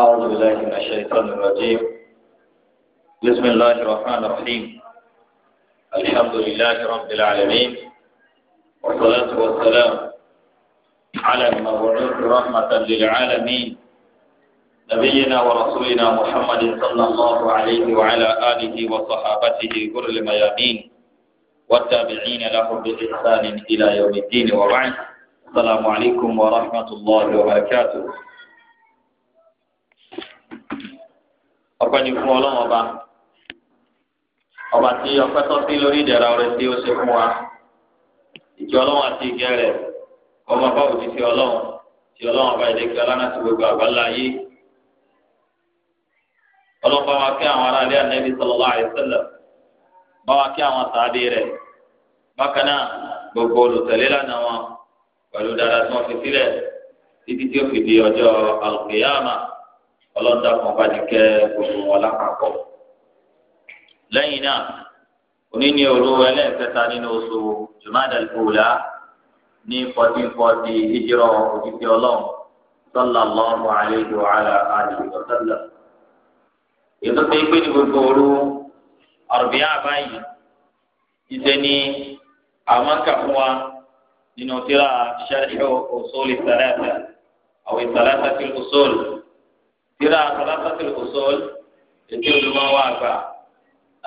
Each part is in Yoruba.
أعوذ بالله من الشيطان الرجيم بسم الله الرحمن الرحيم الحمد لله رب العالمين والصلاة والسلام على المبعوث رحمة للعالمين نبينا ورسولنا محمد صلى الله عليه وعلى آله وصحابته غر الميامين والتابعين له بإحسان إلى يوم الدين وبعد السلام عليكم ورحمة الله وبركاته ọpẹ́ ni fún Ọlọ́run ọba ọba tí ọpẹ́ tọ́ sí lórí ìdẹ̀ra rẹ̀ tí ó ṣe fún wa ìjọ Ọlọ́run àti ìgẹ̀ rẹ̀ ọmọ bá òjì sí Ọlọ́run tí Ọlọ́run ọba ìdẹkẹ ọlànà ti gbogbo àgbáńlá yé Ọlọ́run bá wa kí àwọn ará ilé ànábi sallallahu alaihi wasallam bá wa kí àwọn sàádé rẹ̀ bákan náà gbogbo olùtẹ̀lé lánàá wọn pẹ̀lú dáadáa tí wọn fi sílẹ̀ títí tí ó fi di ọjọ́ àlùkìyàmá ọlọ́dà kan bá ní kẹ́ gbogbo wọn lápapọ̀. lẹ́yìn náà òní ní òru ẹlẹ́ẹ̀kẹta nínú oṣù jumada al-ula ní fourteen forty hijira òjijì ọlọ́run sallallahu alayhi wa ala alihi wa sallam. ètò pé pé ní gbogbo òru àrùbíyá báyìí ìṣe ni àwọn kà wa nínú tíra sharh usul thalatha aw thalatha fil usul. ترى خلاصة الأصول يقول ما وافى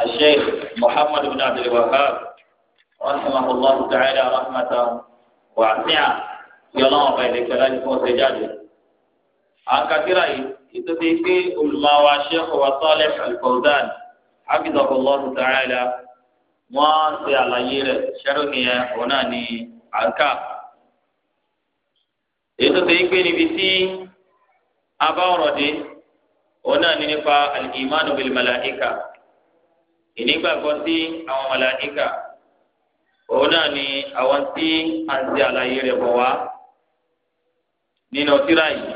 الشيخ محمد بن عبد الوهاب رحمه الله تعالى رحمة واسعة يلام بين كلام فوسجاد عن كثير يتدفي علماء الشيخ وصالح الفوزان حفظه الله تعالى ما على يل شرمية وناني عنك يتدفي نبتي abá ọ̀rọ̀ dé òun náà ní nípa alìmánu bil màláìka ìnígbàgbọ́ sí àwọn malaika. Ona ni ní àwọn tí a ń ṣe àlàyé rẹ̀ bọ̀ wá nínú tírà yìí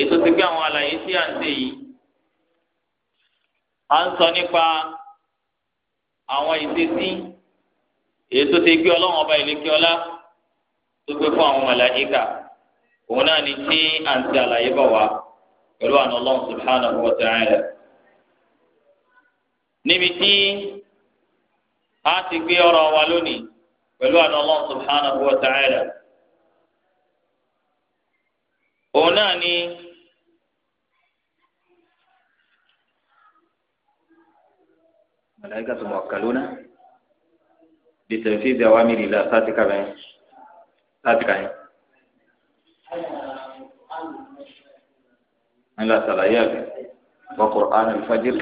ètò ti gbé àwọn àlàyé tí a ń ṣe yìí a ń sọ nípa àwọn ìṣesí ètò ti gbé ọlọ́wọ́n ọba ìlékiọlá tó gbé fún àwọn màláìka òun náà ni tí à ń ti àlàyé bọ̀ wá pẹ̀lú àna ọlọ́run subhanahu wa ta'ala. níbi tí a ti gbé ọ̀rọ̀ wa lónìí pẹ̀lú àna ọlọ́run subhanahu wa ta'ala. òun náà ni malaikatu muwakkaluna bitanfizi awamiri la sátika bẹ́ẹ̀ sátika yẹn nílẹ̀ àtàlàyé àgbẹ̀ wọ الفجر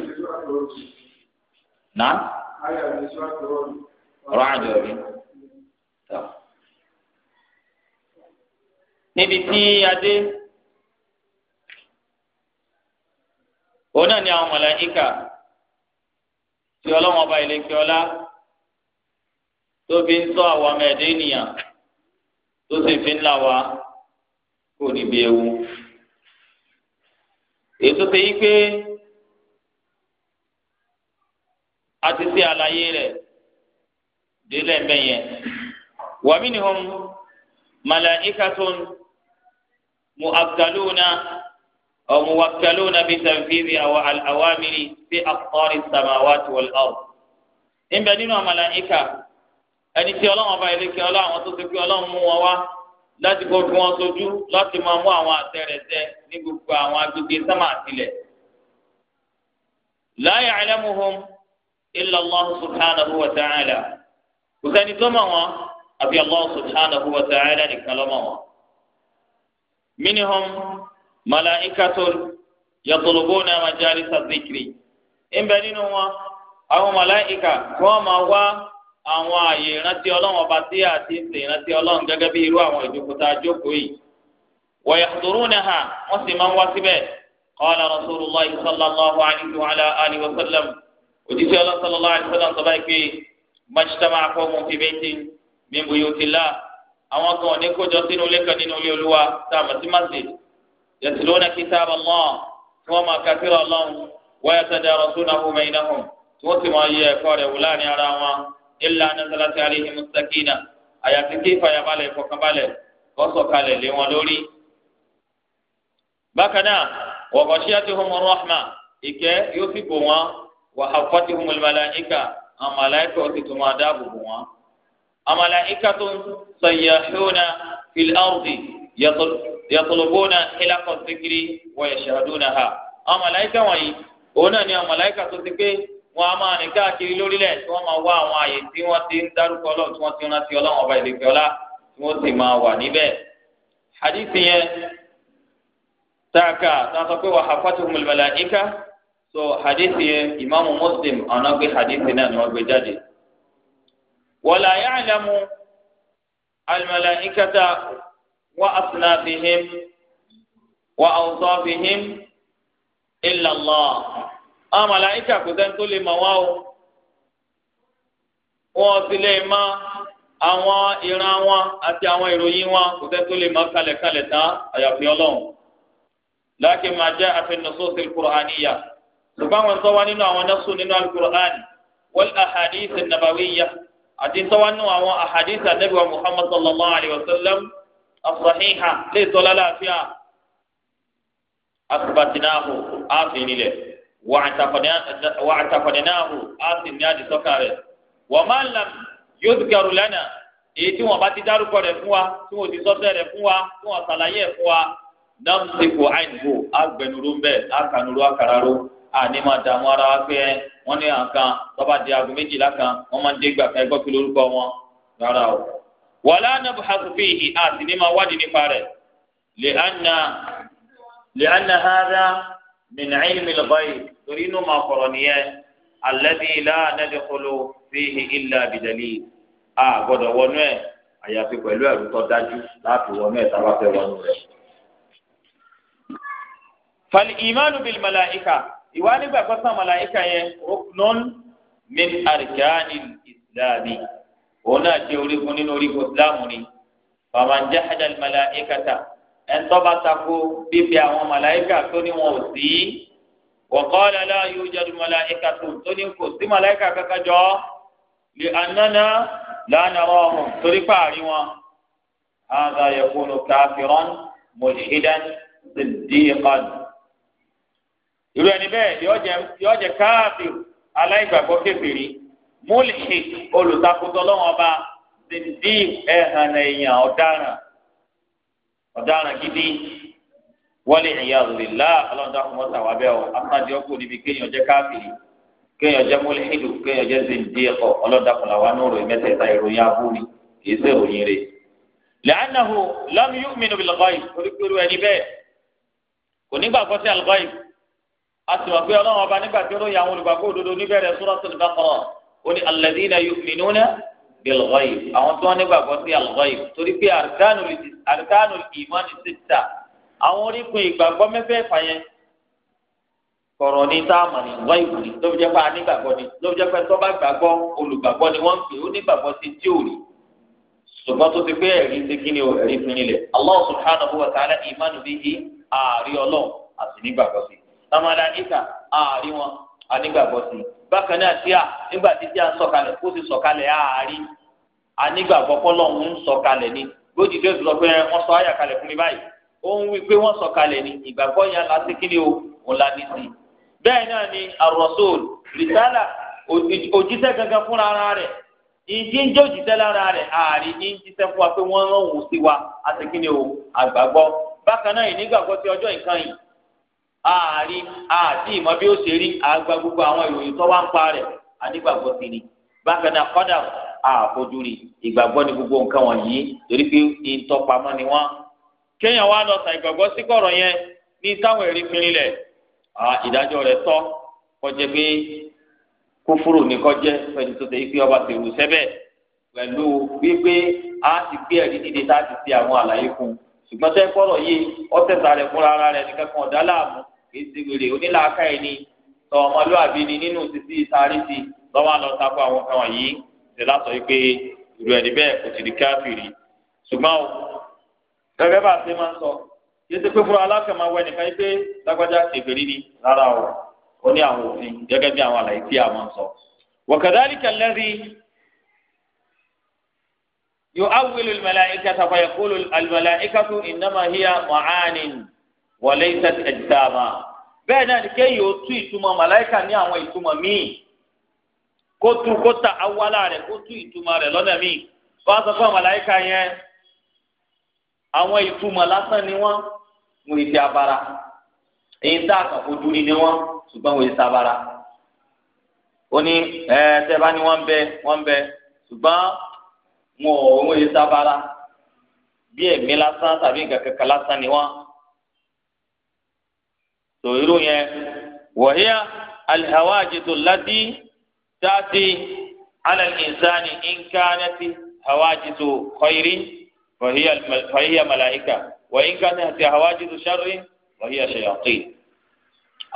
نعم fajr náà ọ̀rọ̀ àjọ rí tọ́. níbi tí adé òun náà ni àwọn mọ̀láyíkà tí ọlọ́wọ́n ọba ìlẹ́kẹ́ ọlá tó fi ń sọ àwọn ọmọ ẹ̀dẹ́ ènìyàn tó sì fi ń là wá kó níbi ewu èyí tó ṣe yí pé a ti ṣe àlàyé rẹ̀ délẹ̀ mẹ́yẹn wa minhum malaikatun mu'akkaduna aw muwakkaluna bi tanfidhi al-awamiri fi aqtari samawati wal-ard níbẹ̀ nínú àwọn ẹni tí ọlọ́run ọba ìlẹ́kẹ́ ọlọ́run tó ti pé ọlọ́run mú wọn wá láti kó fi wọn sojú láti máa mú àwọn àtẹrẹsẹ ní gbogbo àwọn agbègbè sámà tilẹ̀. la ya'lamuhum illa Allah subhanahu wa ta'ala kò sẹ́ni tó mọ̀ wọn àfi Allah subhanahu wa ta'ala nìkan ló mọ̀ wọn. minhum malaikatun yatlubuna majalisa dhikri. ń nínú wọn àwọn màláìka kí máa wá àwọn àyè ìrántí ọlọ́run ọba tí a ti ń ṣe ìrántí ọlọ́run gẹ́gẹ́ bí irú àwọn ìdókòtà jókòó yìí wayahdurunaha wọ́n sì máa ń wá síbẹ̀ qala rasulullah sallallahu alayhi wa alihi wa sallam òjíṣẹ́ ọlọ́run sallallahu alayhi wa sallam sọ báyìí pé majtama qawmun fi baytin min buyutillah àwọn kan ní kójọ sínú ilé nínú ilé olúwa tá a mọ̀ sí masjid yatluna kitab Allah tí wọ́n máa kafira Allah wa yatadarasunahu bainahum tí wọ́n sì máa yẹ ẹ̀kọ́ rẹ̀ wò láàrin ara wọn ilà nazalasi alihimu sakina àyàfi kí ìfàyàbalẹ̀ ìfọkànbalẹ̀ kọ́sọ̀kalẹ̀ lé wọn lórí. bákan náà wọ̀kọ̀ṣíyàtì humur rahma ìkẹ́ yóò fi bò wọn wàhálfàtì humul malaika àwọn malaika ó sì tún máa dáàbò bò wọn. amalaikatun sayyahuna fil ardi yàtọ̀lọ́gbọ́nà hilakọ̀ sikiri wọ̀nyẹ̀ṣàdúnà ha. àwọn wọ̀nyí òun náà ni àwọn tó ti pé wọn a máa rìn káàkiri lórílẹ̀ tí wọ́n máa wá àwọn àyè tí wọ́n ti ń dárúkọ Ọlọ́run tí wọ́n ti rántí Ọlọ́run ọba ìlẹ̀kẹ́ ọlá tí wọ́n sì máa wà níbẹ̀. hadithi yẹn taaka tá pé wà hafatuhumul malaika so hadithi yẹn imaamu Muslim ọ̀nà gbé hadithi náà ni wọ́n gbé jáde. wala ya'lamu al-malaikata wa asnafihim wa awsafihim illa Allah àwọn màláìkà kò sẹ́ni tó lè mọ̀ wọ́n o wọn sì lè mọ àwọn ìran wọn àti àwọn ìròyìn wọn kò sẹ́ni tó lè mọ̀ kalẹ̀kalẹ̀ tán àyàfi ọlọ́run láàkì máa jẹ́ àfẹnusọ́sì kùrọ̀hánìyà ṣùgbọ́n àwọn sọ́wọ́ nínú àwọn nọ́ọ̀sù nínú alukùrọ̀hánì wọ́n àhàdìsì nàbàwíyà àti sọ́wọ́ nínú àwọn àhàdìsì ànábìwá muhammad sallallahu alayhi wa sallam wàtàfọ̀dẹ́náhù á sì ní àdìsọ́kà rẹ̀ wọ́n máa ń làm yóò dùkẹ́rù lẹ́nà èyí tí wọ́n bá ti dárúkọ rẹ̀ fún wa tí wọ́n ti sọ́sẹ́ rẹ̀ fún wa tí wọ́n sàlàyé ẹ̀ fún wa náà ń sèkò àìníkò àgbẹnuró ń bẹ àkànúró àkàràró àní máa dààmú ara wa pé wọ́n ní àǹkan tọ́ba di aago méjìlá kan wọ́n máa ń dé gbàkan ẹgbọ́ kí lórúkọ wọn rárá o. wàlá nàbù hasufihi àti ní máa wádìí nípa rẹ̀ lè ànà hàdá min ilmi al-ghayb torí inú máa kọ̀rọ̀ nìyẹn alladhi la nadkhulu fihi illa bidalil a gbọ́dọ̀ wọnú ẹ̀ àyàfi pẹ̀lú ẹ̀rù tó dájú láti wọnú ẹ̀ tábà fẹ́ wọnú rẹ̀. fal imanu bil malaika ìwà nígbà pẹ́sán malaika yẹn ruknun min arkani islami òun náà jẹ́ orígun nínú orígun islam ni faman jahada al malaikata ẹ̀ńtọ́ba tako bíbi àwọn màláìkà tó ní wọn ò sí wọ̀kọ́lá láàyò jẹ́rù màláìkà tó tó ní kò sí màláìkà kankan jọ lè ànáná lánàá ọ̀hún torí pààrí wọn. هذا يكون كافرا ملحدا صديقا irú ẹni bẹ́ẹ̀ yọ jẹ káàfin aláìgbàgbọ́ kékeré múlìkì olùtakùtọ̀ lọ́wọ́n ọba ṣèǹdí ẹ̀hàn èèyàn ọ̀daràn ọ̀daràn gidi wọlé ìyá òrìlá ọlọ́dún akọ̀mọ́ta wà bẹ́ẹ̀ o afúnájì ọkọ̀ níbi kéèyàn jẹ́ káfíìrì kéèyàn jẹ́ mọ́lẹ́hìndù kéèyàn jẹ́ zèǹdé ẹ̀kọ́ ọlọ́dún akọ̀lá wa nùrọ̀ mẹ́tẹ̀ẹ̀ta ìròyìn abúlé kìí ṣe ìròyìn rẹ̀. lẹ́hánahu lọ́mú yóò mìíràn bìlọ̀ báyìí oríkèérú ẹni bẹ́ẹ̀ kò nígbà kọ́ sí àlùbáyìí a sì mọ̀ pé ọlọ́run ọba nígbà tí ó lóye àwọn olùgbàgbọ́ òdodo níbẹ̀rẹ̀ suratul bilghaib àwọn tí wọ́n nígbàgbọ́ sí alghaib torí pé àrùkánù ìmánì sísà àwọn orígun ìgbàgbọ́ mẹ́fẹ̀ẹ̀fà yẹn kọ̀rọ̀ ní táàmù ní wáìbù ní tó fi jẹ́ pé a nígbàgbọ́ ni fi pé ni pè ó sí tí tó ti anígbàgbọ́ kọ́lọ́ ń sọ kalẹ̀ ni lójijì tó sọ pé wọ́n sọ àyà kalẹ̀ fún mi báyìí ó wí pé wọ́n sọ kalẹ̀ ni ìgbàgbọ́ yẹn láti kíni o òun la ní sí i bẹ́ẹ̀ náà ni ar-rasul rìsálà òjíṣẹ́ gangan fúnra ara rẹ̀ ìdí ń jẹ́ òjíṣẹ́ lára rẹ̀ ààrí ní jíṣẹ́ fún wa pé wọ́n rán sí wa àti kíni o àgbàgbọ́ bákan náà ìnígbàgbọ́ ti ọjọ́ nǹkan yìí ààrí àti ìmọ̀ bí ó ṣe rí àgbà gbogbo àwọn ìròyìn tó wá ń pa rẹ̀ ànígbàgbọ́ ti rí bákan náà kọ́dà àfojúrí ìgbàgbọ́ ni gbogbo nǹkan wọ̀nyí torí pé ìtọ́pamọ́ ni wọ́n. kéèyàn wá lọ sàn ìgbàgbọ́ sí kọ̀rọ̀ yẹn ní táwọn èrè fi rinlẹ̀ ìdájọ́ rẹ̀ tọ́ kọjá pé kófóró ní kọjá fẹ́ni tó tẹ̀ ife ọba tèrú sẹ́bẹ̀ pẹ̀lú wípé a ti gbé ẹ̀rí dìde tá a ti ṣe àwọn àlàyé fún un ṣùgbọ́n tẹ́ kọ́rọ̀ yìí ọ̀tẹ̀sà rẹ̀ fúnra ara rẹ̀ nìkan kan ọ̀dá láàmú kì í ṣe wèrè onílàákàyè ni tọ̀ ọmọlúwàbí ni nínú títí ìtarí ti lọ́wọ́ àlọ́ tako àwọn kan wọ̀nyí ṣe látọ̀ yìí pé ìlú ẹni bẹ́ẹ̀ kò ti di káfíìrì ṣùgbọ́n o gẹ́gẹ́ bá a ṣe máa ń sọ yé ṣe pé fúra aláṣẹ máa wẹ nìkan yìí pé lágbájá kèfèrí ni rárá o ó ní àwọn òfin gẹ́gẹ́ bí àwọn àlàyé tí a máa ń sọ. وكذلك الذي يؤول الملائكة فيقول الملائكة إنما هي معان وليست أجساما bẹ́ẹ̀ náà ni kéèyàn tú ìtumọ̀ màláìka ní àwọn ìtumọ̀ míì kó tu kó ta awala rẹ̀ kó tu ìtumọ̀ rẹ̀ lọ́nà míì wọ́n á sọ fún màláíkà yẹn àwọn ìtumọ̀ lásán ni wọ́n wọ́n ti abara èyí tá a kàn fojú ni wọ́n ṣùgbọ́n wọ́n ti sabara ó ní ẹ tẹ́bá ni wọ́n bẹ wọ́n bẹ ṣùgbọ́n wọn ò wọ́n ti sabara bí ẹ̀mí lásán tàbí nǹkan lásán ni wọ́n tòyúrú yẹn wọ̀nyí alihawajitu ladi. تأتي على الإنسان إن كانت حواجز خير فهي فهي ملائكة وإن كانت حواجز شر فهي شياطين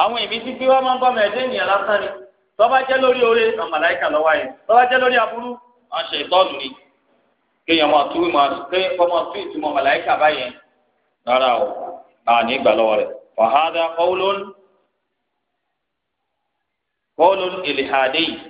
àwọn ìmísí tí wọn máa ń bọ ọmọ ẹdẹ ènìyàn lásán ni tó bá jẹ́ lórí oore ọmọ màláíkà lọ́wọ́ yẹn tó bá jẹ́ lórí aburú àṣẹ ìtọ́nù ni kéèyàn máa tú ìmọ̀ kéèyàn kọ́ máa tú ìtumọ̀ màláíkà báyẹn rárá o àní ìgbà lọ́wọ́ rẹ̀ wàhálà kọ́wọ́lọ́n kọ́wọ́lọ́n ìlìhàdé yìí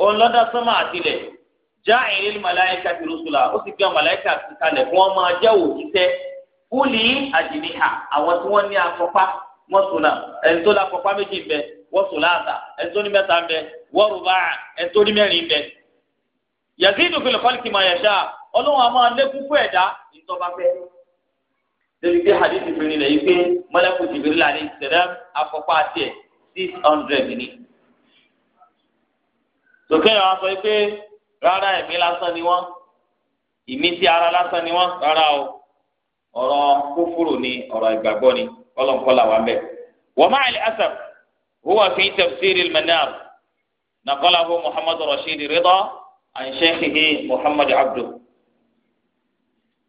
òun lọ́dá sọ́mà àtìlẹ̀ já ìrírí màláìka ti rúṣùlà ó sì gbé màláìka ti kalẹ̀ fún ọmọ ajẹ́ òṣìṣẹ́ fúlì àjìníhà àwọn tí wọ́n ní afọ́pá wọ́n sùn náà ẹni tó la afọ́pá méjì ń bẹ wọ́n sùn láàtà ẹni tó ní mẹ́ta ń bẹ wọ́n rúbà ẹni tó ní mẹ́rin ń bẹ. yazidu fil khalqi ma yasha ọlọ́run àmọ́ lẹ́kún fún ẹ̀dá ìtọ́ba fẹ́. débi pé hadith fi rinlẹ̀ yìí pé mọ́lẹ́kùn jìbìrì lálẹ́ ìṣẹ̀dá afọ́pá tiẹ̀ six hundred ni sókè yẹn wá sọ pé rárá ẹ̀mí lásán ni wọ́n ìmísí ara lásán ni wọ́n rárá o ọ̀rọ̀ kúfúrú ni ọ̀rọ̀ ìgbàgbọ́ ni ọlọ́nkọ́lá wà bẹ́ẹ̀. wa ma'al asaf huwa fi tafsir al-manar naqalahu muhammad rashid rida an shaykhihi muhammad abdu.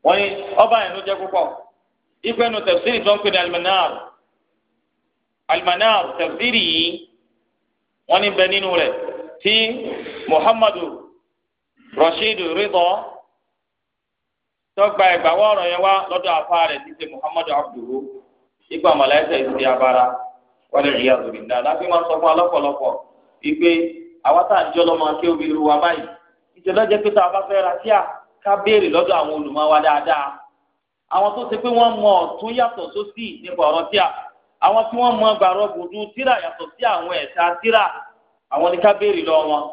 wọ́n ní ọba yẹn ló jẹ́ púpọ̀ ìpẹ́nu tafsir tó ń pè ní al-manar al yìí wọ́n ní bẹ nínú rẹ̀. tí muhammadu rashidu ridọ tọgba ìgbàwọ ọ̀rọ̀ yẹn wá lọ́dọ̀ afa rẹ̀ ti ṣe muhammadu abdulu ipa mọlẹsẹ ìṣe abara wọlé ìyá lórí ńlá láti máa sọ fún alọpọlọpọ wípé àwọn tá à ń jọ lọmọ kí omi ru wa báyìí ìjọba jẹ pé tá a bá fẹ́ ra tíà ká béèrè àwọn dáadáa àwọn tó pé mọ sósì nípa àwọn ní ká béèrè lọ wọn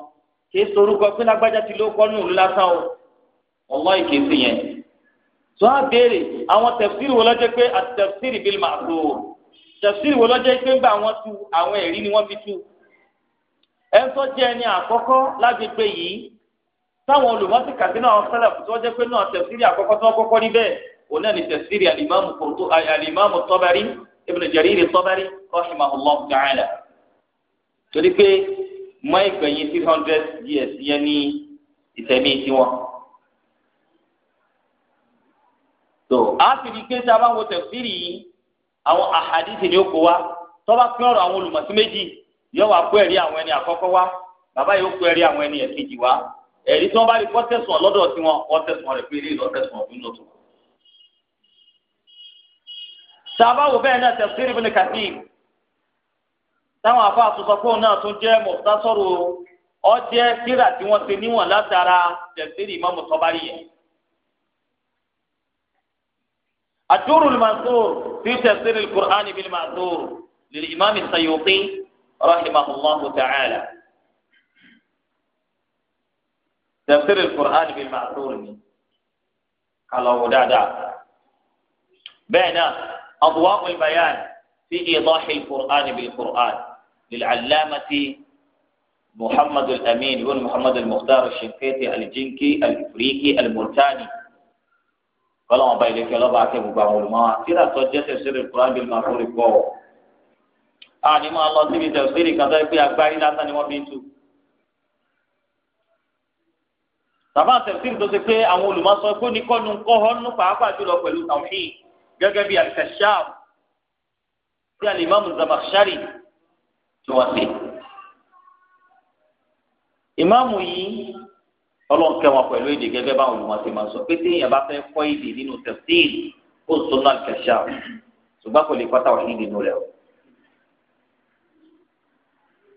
kìí sorúkọ pé lágbájá ti ló kọ́ ní òru lásán o ọlọ́ ìkèsì yẹn tó a béèrè àwọn tẹ̀síìrì wo lọ́jọ́ pé àti tẹ̀síìrì bíi màá tó o tẹ̀síìrì wo lọ́jọ́ pé ńgbà wọn tu àwọn ẹ̀rí ni wọ́n fi tu ẹ̀ ń sọ́jẹ́ ẹni àkọ́kọ́ lágbègbè yìí táwọn olùmọ́sí kàdínà àwọn sálàfù tó jẹ́ pé náà tẹ̀síìrì àkọ́kọ́ tó kọ́kọ́ níbẹ̀ òun náà ni tẹ̀síìrì alimami kòtò alimami tọ́bari ibn Jarir tọ́bari rahimahullah mọ́ ìgbẹ̀yìn six hundred years yẹn ní ìtẹ̀mí tiwọn. tó a sì rí pé tá a bá wo tẹ̀síìrì yìí àwọn àhàdìsì ni ó kó wa tọ́ba pín ọ̀rọ̀ àwọn olùmọ̀sí méjì yóò wá kó ẹ̀rí àwọn ẹni àkọ́kọ́ wa bàbá yóò kó ẹ̀rí àwọn ẹni ẹ̀kejì wa ẹ̀rí tí wọ́n bá rí kọ́ tẹ̀sán lọ́dọ̀ tí wọ́n kọ́ tẹ̀sán rẹ̀ pé ilé ìlọ́ tẹ̀sán ọ̀gbìn lọ́tọ̀. tá a bá wo bẹ́ẹ̀ náà tẹ̀síìrì Ibn Kathir táwọn afa àtúntò pé òun náà tún jẹ́ mọ̀tásọ́rò ọjẹ́ síra tí wọ́n ti níwọ̀n látara tẹ̀síìrì ìmọ̀mù tọ́bárì yẹn. àdúró lùmàsóòrò fi tẹ̀síìrì kùrán ibi lùmàsóòrò lè ìmáàmì Sayuti rahimahullahu ta'ala. tẹ̀síìrì kùrán ibi lùmàsóòrò ni kàlọ́wọ́ dáadáa. bẹ́ẹ̀ náà àbúwá olùbáyà fi ìdọ́hìn kùrán للعلامة محمد الأمين بن محمد المختار الشنقيطي الجنكي الإفريقي الملتاني. قال ما بايلك الله باكي مباول ما ترى توجه تفسير القرآن بالمعقول كو أعني ما الله تبي تفسيري كذا يبي أكباري لا تاني ما بيتو طبعا tẹ̀síìrì tó ṣe pé àwọn olùmọ̀sọ pé oníkọ́nu kọ́hónú pàápàá jùlọ pẹ̀lú tàwíì gẹ́gẹ́ bí àlìkàṣáà tí tí wọ́n ṣe. ìmáàmù yìí ọlọ́run kẹ́ wọn pẹ̀lú èdè gẹ́gẹ́ báwọn olùmọ̀ọ́sẹ̀ máa sọ pé téèyàn bá fẹ́ kọ́ èdè nínú tafsir ó ń sọ́nà kẹ̀ṣà ṣùgbọ́n kò lè kọ́ táwọn ìdí nínú rẹ̀ o.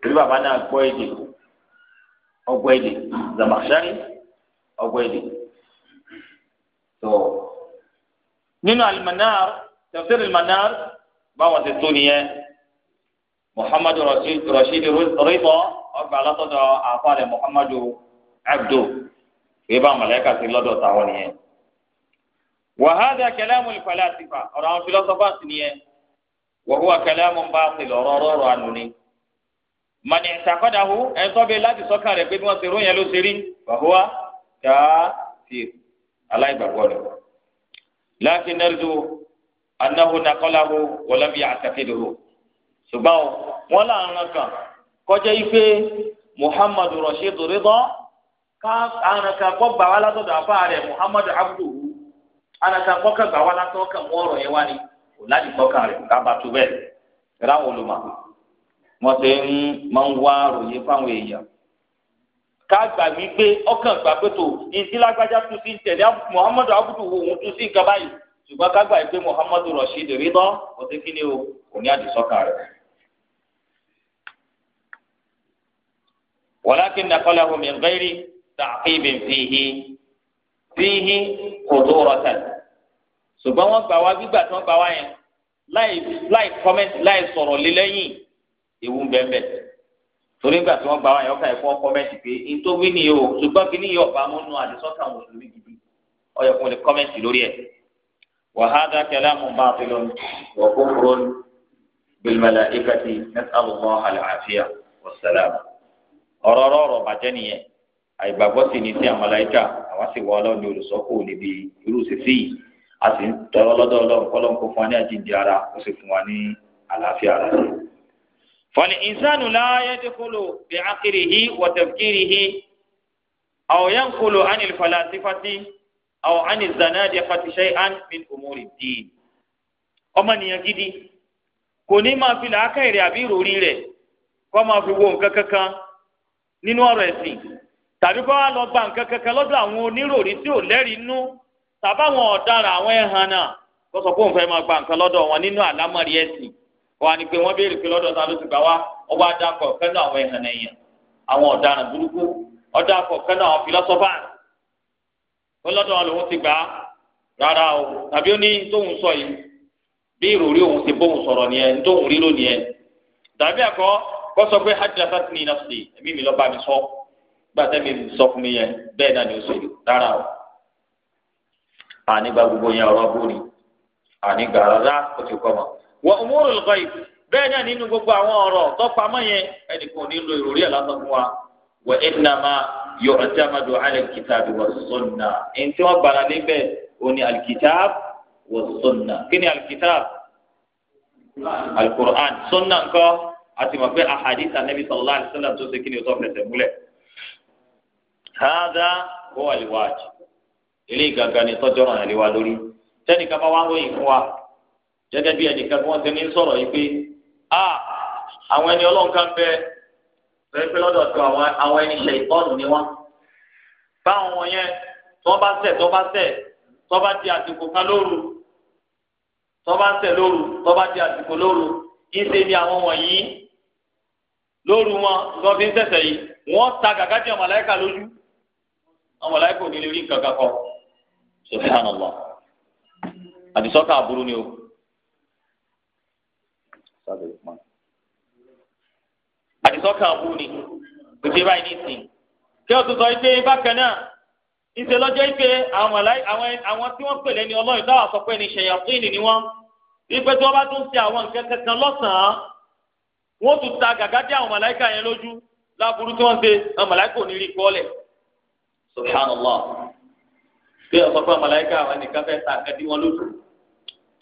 torí bàbá náà gbọ́ èdè ọgbọ́ èdè Zamakhshari ọgbọ́ èdè. tó nínú al-Manar tafsir báwọn ti tó nìyẹn muhammadu rasheed rìbọ ọgbà látọ̀dọ̀ àfàlẹ̀ muhammadu abdu bí bá mọ̀lẹ́kà sí lọ́dọ̀ táwọn nìyẹn. wàhálà kẹlẹ́mù ìfàlàsífà ọ̀rọ̀ àwọn fìlọ́sọ́fà sì nìyẹn wàhùwà kẹlẹ́mù bá ti lọ́rọ́ rọ́rọ́ ànú ni. mani ìtàkọ́dàhù ẹ̀tọ́ bẹ láti sọ́kàn rẹ̀ pé bí wọ́n ti rún yẹn ló ṣe rí wàhùwà káfíìr aláìgbàgbọ́ rẹ̀. láti nẹ́rù anáhùn nàkọ́láhù wọ́lọ́mìyà àtàkìdòhù ṣùgbọ́n wọn làwọn kan kọjá ife muhammadu rasheed ridọ àwọn kan kọ́ gbà wá látọ̀dọ̀ muhammadu abduhu àwọn kan kọ́ kẹ́ gbà wá látọ̀dọ̀ kan wọ́n ọ̀rọ̀ ni kò láti rẹ̀ fáwọn èèyàn ká gbà mí pé ọkàn gbà pé tó ìdílágbájá tún muhammadu abudu òun tún sí nǹkan báyìí ṣùgbọ́n ká gbà pé muhammadu rasheed ridọ kò sí kí ni o kò ní àdìsọ́kàn walakin naqalahu min ghairi ta'qibin fihi fihi khuduratan ṣùgbọ́n wọ́n gbà wá gbígbà tí wọ́n gbà wá yẹn láì láì kọ́mẹ́ntì láì sọ̀rọ̀ lé lẹ́yìn ewu bẹ́ẹ̀ bẹ́ẹ̀ torí gbà tí wọ́n gbà wá yẹn ọkà ẹ̀fọ́ kọ́mẹ́ntì pé ntòwí ni o ṣùgbọ́n kí ni yóò bá mú nu àdìsọ́tà mùsùlùmí gidi ọyọ kún lè kọ́mẹ́ntì lórí ẹ̀ wàhádà kẹlẹ́mù bàtìlọ́n wọ̀kúkúrọ́n bìlmẹ̀lá ìkàtì nẹ́sàlùmọ́ àlàáfíà wàsálàmù ọ̀rọ̀ ọ̀rọ̀ bàjẹ́ nìyẹn àìgbàgbọ́ sì ní sí àwọn aláìka àwa sì wọ ọlọ́run ní olùsọ́kò níbi irú sísí yìí a sì ń tọrọ lọ́dọ̀ ọlọ́run kọ́lọ́n kó fún wa ní àjíǹde ara ó sì fún wa ní àlàáfíà ara sí. fọlẹ̀ ìsánù láàyè tó kúlò bí akiri hi wọ̀tẹ̀kiri hi àwọn yẹn kúlò ánì falasifati àwọn ánì zanadi fatishai an min umuri diin. ọmọnìyàn gidi kò ní máa fi làákàyèrè àbí ìròrí rẹ̀ kó máa fi wo nǹkan kankan nínú ọ̀rọ̀ ẹ̀sìn tàbí kọ́ wa lọ gba nǹkan kankan lọ́dọ̀ àwọn oníròrí tí ò lẹ́rìí nú tàbáwọn ọ̀daràn àwọn ẹ̀hàn náà kó sọ pé òun máa gba nǹkan wọn nínú àlámọ̀rí esi wa ni pé wọ́n béèrè pé lọ́dọ̀ ta ló ti gbà wá ọba àwọn ẹ̀hàn ẹ̀yàn àwọn ọ̀daràn burúkú ọ̀dakọ̀ kẹ́nu àwọn fìlọ́sọ́fà kó sọ pé haddathatni nafsi ẹ̀mí mi ló bá mi sọ gbàtẹ́ mi sọ fún mi yẹn bẹ́ẹ̀ náà ni ó ṣe rárá o ànígbà gbogbo yẹn ọ̀rọ̀ bóni ànígbà rárá ó ti kọ́ ma. wa umurul ghaib bẹ́ẹ̀ náà nínú gbogbo àwọn ọ̀rọ̀ tó pamọ́ yẹn ẹnìkan ní lo ìròrí ẹ̀ lásán fún wa wa innama yu'tamadu ala al-kitabi wa sunnah èyí tí wọ́n gbàrà lébẹ̀ òní al-kitab wa sunnah kí ni al-kitab al-Qur'an nǹkan àti mọ̀ pé àhàdìsà nẹ́bí sallallahu alaihi wasallam tó ṣe kí ni o tó fẹsẹ̀ múlẹ̀. hàdà ó wà lè wájú ilé ìgàgà ni tọ́jọ́ ràn án lè wá lórí tẹ́nìkan bá wá ń fún wa gẹ́gẹ́ bí ẹnìkan tí wọ́n ti ní sọ̀rọ̀ yìí pé a àwọn ẹni ọlọ́run kan bẹ pẹ́ẹ́pẹ́ lọ́dọ̀ tó àwọn ẹni ṣe ìtọ́nù ni wọ́n báwọn wọn yẹn tó bá ṣẹ̀ tó bá ṣẹ̀ tó bá di àsìkò kan lóru tó bá ṣẹ̀ lóru tó bá di àsìkò lóru ìṣe ni àwọn wọ̀nyí lóru wọn tí wọn fi ń tẹsẹ yìí wọn ta gàgá jẹ màláíkà lójú àwọn màláíkà ò ní lè rí nǹkan kan kọ subhanallah àdìsọ́kà àbúrú ni o. àdìsọ́kà àbúrú ni kò ṣe báyìí nísìnyí kí wọ́n tún sọ pé bákan náà ìṣe lọ́jọ́ pé àwọn tí wọ́n pèlè ní ọlọ́run náà sọ pé ní ṣèyàn fún ìnì ni wọ́n wípé tí wọ́n bá tún ṣe àwọn nǹkan kankan lọ́sàn-án wọ́n tún ta gàgá dé àwọn màláìka yẹn lójú láburú tí wọ́n ṣe àwọn màláìka ò ní rí kọ́lẹ̀ subhanallah bí ọ̀sọ́ fún màláìka àwọn nìkan fẹ́ ta àkàdé wọn lójú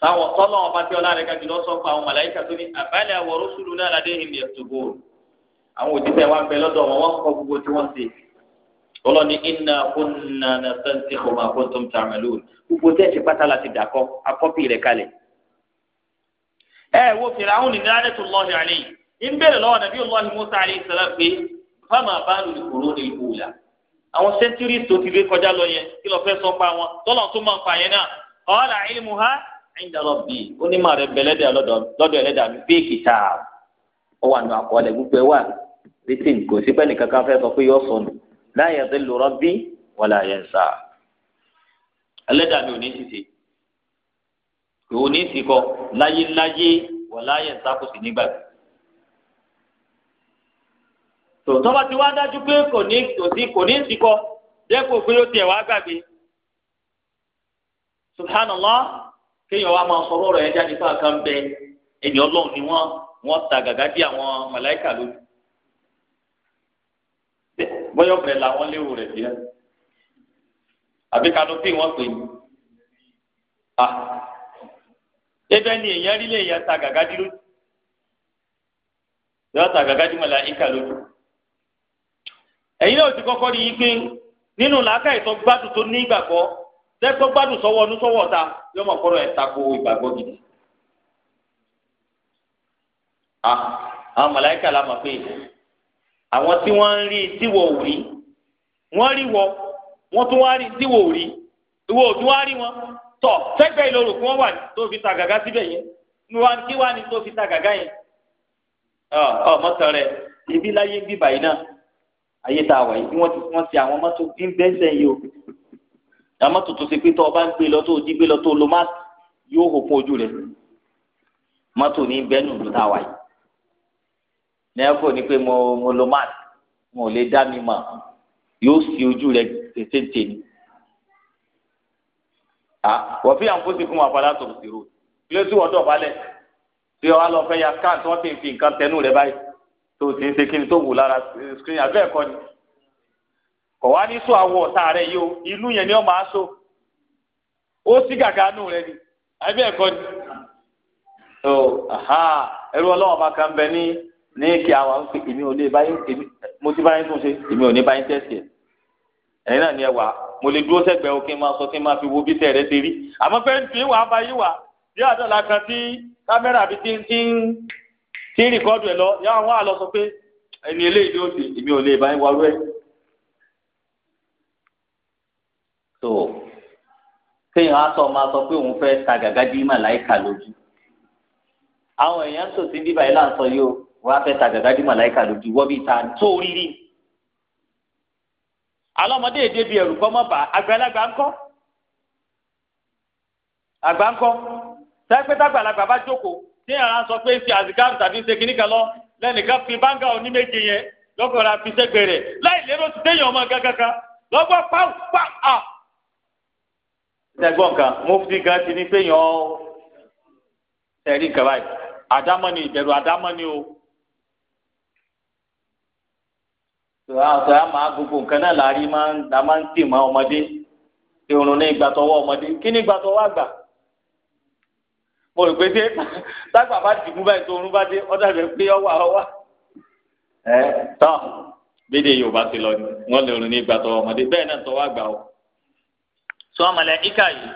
táwọn tọ́lọ́ wọn tí ọlá rẹ̀ gàdúrà sọ fún àwọn màláìka tó ní àbálẹ̀ wa rusuluna ladayhim yaktubun àwọn òjíṣẹ́ wa ń bẹ lọ́dọ̀ wọn wọ́n kọ gbogbo tí wọ́n ṣe ọlọ́ni iná kúnna na sẹ́ńtì kọ́mà kó tó ń ta àmì lóòrùn pátá láti dàkọ́ akọ́pì rẹ̀ kalẹ̀. ẹ wo fìràhùn ní níránẹ́tù lọ́ọ̀hìn àlẹ́ yìí ń bèrè lọ́wọ́ nàbí ọlọ́ọ̀ni musa alayhi salam pé fáwọn àbáàlù ìkòrò ní ìlú ìlà àwọn sẹ́ńtúrì tó ti lé kọjá lọ yẹn kí lọ fẹ́ sọ pa wọn tọ́lọ̀ tó máa ń fa yẹn náà ọ̀ọ́lá ilmu ha inda rabbi onímọ̀ rẹ̀ bẹ̀lẹ́dẹ̀ lọ́dọ̀ ẹlẹ́dàá mi bí kìtà ó wà nù àkọọ́lẹ̀ gbogbo ẹ wà létí nǹkan síbẹ̀ nìkan kan fẹ́ sọ pé yọ sọnù la yadhillu rabbi wala yansa ẹlẹ́dàá mi ò ní ti ṣe kò ní ti kọ láyéláyé wala yansa kò sì nígbàgbé tó tọ́ba ti wá dájú pé kò ní kò sí kò ní sí dẹ́kun pé ó tiẹ̀ wá gbàgbé subhanallah kéèyàn wá máa sọ̀rọ̀ ọ̀rọ̀ yẹn jáde fún àkàn bẹ ẹni ọlọ́run ni wọ́n wọ́n ta gàgà bí àwọn màláìkà lójú bọ́yọ̀ bẹ̀rẹ̀ làwọn léwu rẹ̀ bíyà àbí kanopi wọ́n pè é ah ebe ni èèyàn rí lè yẹn ta gàgà dí lójú yọ ta gàgà dí màláìkà lójú ẹ̀yin náà ti kọ́kọ́ rí i pé nínú làákàyè tó gbádùn tó ní ìgbàgbọ́ tẹ́tọ́ gbádùn sọ́wọ́ ọdún sọ́wọ́ ọ̀ta yóò mọ̀ kọ́rọ̀ ẹ̀ tako ìgbàgbọ́ gidi. àwọn màláìkà la mọ̀ pé àwọn tí wọ́n ń rí tíwọ̀ ò rí wọ́n rí wọ wọ́n tún wá rí tíwọ̀ ò rí ìwọ ò tún wá rí wọn tọ̀ sẹ́gbẹ̀ẹ́ ìlòrò kí wọ́n wà tó fi ta gàgá síbẹ̀ yẹn kí wá ní tó fi ta gàgá yẹn ọ̀ ọ̀ mọ́tọ̀ rẹ̀ ibi láyé bíbà yìí náà ayé tá a wà yìí bí wọ́n ti wọ́n ti àwọn mọ́tò ń bẹ́sẹ̀ yìí o àwọn mọ́tò tó ṣe pé tó o bá ń gbé lọ tó o jí gbé lọ tó o lo máàkì yóò hò fún ojú rẹ̀ mọ́tò ní bẹ́ẹ̀ nù ló tá a wà yìí nẹ́ẹ̀kọ́ ni pé mo mo lo máàkì mo lè dá mi mọ̀ yóò sì ojú rẹ̀ tètè ni wọ́n fi àwọn fóṣì fún wa padà tó o sì rò kí ló sì wọ́n dọ̀ balẹ̀ tí wọ́n á lọ fẹ́ ya káàtó wọ́n ti fi nǹkan tẹnu rẹ̀ báyìí tó o ti ń ṣe kí ni tó wò lára eh, screen àbí ẹ̀kọ́ ni kọ̀ wá ní sọ àwọ̀ ọ̀tá rẹ̀ yìí o inú yẹn ni ọ máa so ó sí gàgà nù rẹ ni àbí ẹ̀kọ́ ni so ẹrú ọlọ́wọ́n bá kan bẹ ní ní kí àwọn àwọn èmi ò lè báyìí mo ti báyìí tún ṣe èmi ò ní báyìí tẹ̀sí ẹ̀ ẹ̀yin náà ni ẹ wà mo lè dúró sẹ́gbẹ̀ẹ́ o kí n máa sọ kí n máa fi wo bí tẹ̀ rẹ ti rí àmọ́ pé ń tún ìwà abayí wà bí àdọ́là kan tí kámẹ́rà bíi ti ń tí rìkọ́dù ẹ̀ lọ yà wọ́n sọ pé ẹni eléyìí ló dé èmi ò lè bá yín wá sọ máa sọ pé òun fẹ́ ta gàgá dí lójú àwọn èèyàn tó ti bíbá yìí yìí o wọ́n á fẹ́ ta gàgá dí lójú wọ́n ta tó rírì. alọ́mọdé èdè bíi ẹ̀rù bá àgbàlagbà àgbà sẹ́pẹ́tàgbàlagbà bá jókòó. tí yàrá sọ pé ṣe àzìkáàbù tàbí ṣe kìnnìkan lọ lẹ́nìkan fi báńgà òní méje yẹn lọ́kọ̀ọ́ra fi ṣẹ́gbẹ̀ rẹ̀ láì lérò ti téèyàn ọmọ kankan lọ́gbọ́ pàápàá à. ṣẹ́gbọ́n kan mufti gan ti ní péyàn ẹ̀rí nǹkan báyìí àdámọ́ni ìbẹ̀rù àdámọ́ni o. sọ̀rọ̀ àmọ́ gbogbo nǹkan náà la rí máa ń tì mọ́ ọmọdé ìrùn ní ìgbàtọ̀wọ́ ọmọdé kí ni ìgbàtọ̀wọ́ àgbà? mo rò pé dé tágbà bá dìbò báyìí tó orun bá dé ọ̀dà rẹ̀ pé ọwà ọwà. ẹ tán bídè yorùbá ti lọ ni wọn lè rìn ní ìgbà tọwọ ọmọdé bẹ́ẹ̀ náà tọwọ àgbà o. sọ ọmọlẹ ìka yìí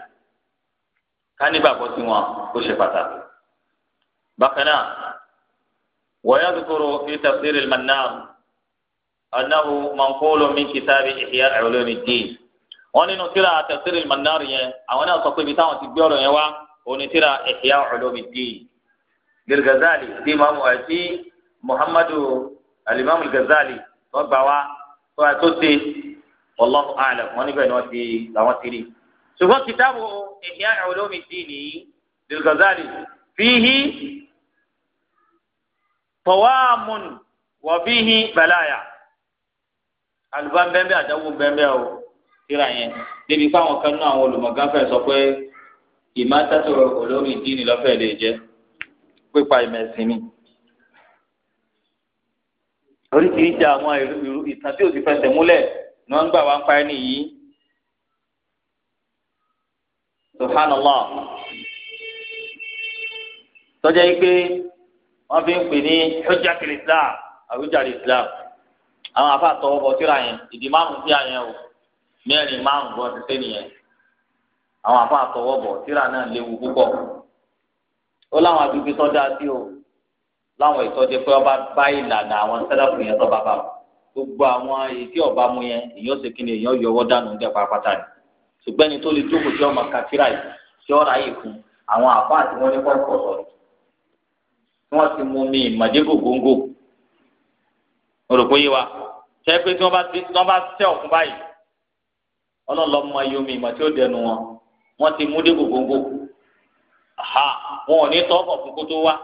ká nígbàgbọ́ sí wọn ó ṣe pàtàkì. bákan náà wọ́n yá kúkúrú fi tafsir al-Mannan annahu manqulun min kitabi ihya ulumuddin wọ́n nínú tírà tafsir al yẹn àwọn náà sọ pé ibi táwọn ti gbé ọ̀rọ̀ yẹn wá onítìrà Ihya Ulumuddin lil Ghazali tí imaamu àti muhammadu alimami Ghazali tó gbà wá tó a tó ṣe wallahu a'lam wọn níbẹ̀ ni wọ́n ti làwọn ti rí. ṣùgbọ́n kìtàbù Ihya Ulumuddin nìyí lil Ghazali fihi tawamun wa fihi balaya àlùbá bẹ́ẹ̀ bẹ́ẹ̀ àdáwó o síra yẹn débi fáwọn kan náà àwọn olùmọ̀gánfẹ́ ìmọ̀tàtọ̀rọ̀ olórí ìdíni lọ́fẹ̀ẹ́ lè jẹ́ pípa ìmẹ̀sìn ni. oríṣiríṣi àwọn ìlú ìtàn tí ò ti fẹsẹ̀ múlẹ̀ ni wọ́n ń gbà wá ń pa ẹ́ nìyí. subhanallah tọ́jà yìí pé wọ́n fi ń pè ní hujjatul islam àwùjáde islam àwọn afáàtọ̀ ọkọ̀ tíra yẹn ìdí márùn-ún sí àyẹ̀wò mẹ́rin márùn-ún gbọ́n ti sẹ́niyẹn àwọn àfa àtọwọ́bọ̀ tíra náà léwu púpọ̀ ó láwọn agbègbè tó sí o láwọn ìtọ́jú pé ọba bá ìlànà àwọn sẹ́dáfù yẹn tó bá gbogbo àwọn ètí ọba mu yẹn èyàn ṣe kí ni èyàn yọwọ́ dànù ń dẹ́pọ̀ apáta ni ṣùgbọ́n ẹni tó lè jókòó tí ọmọ kàtíra yìí tí ọ̀rá yìí fún àwọn àfa àti wọn ní kọ̀ọ̀kọ̀ sọ tí wọ́n ti mú mi ìmọ̀dégò góńgò mo wa ṣe pé tí wọ́n bá tẹ ọ̀fun wọ́n ti mú dé gbogbogbò aha wọn ò ní tọ́ ọkọ̀ fún kó tó wá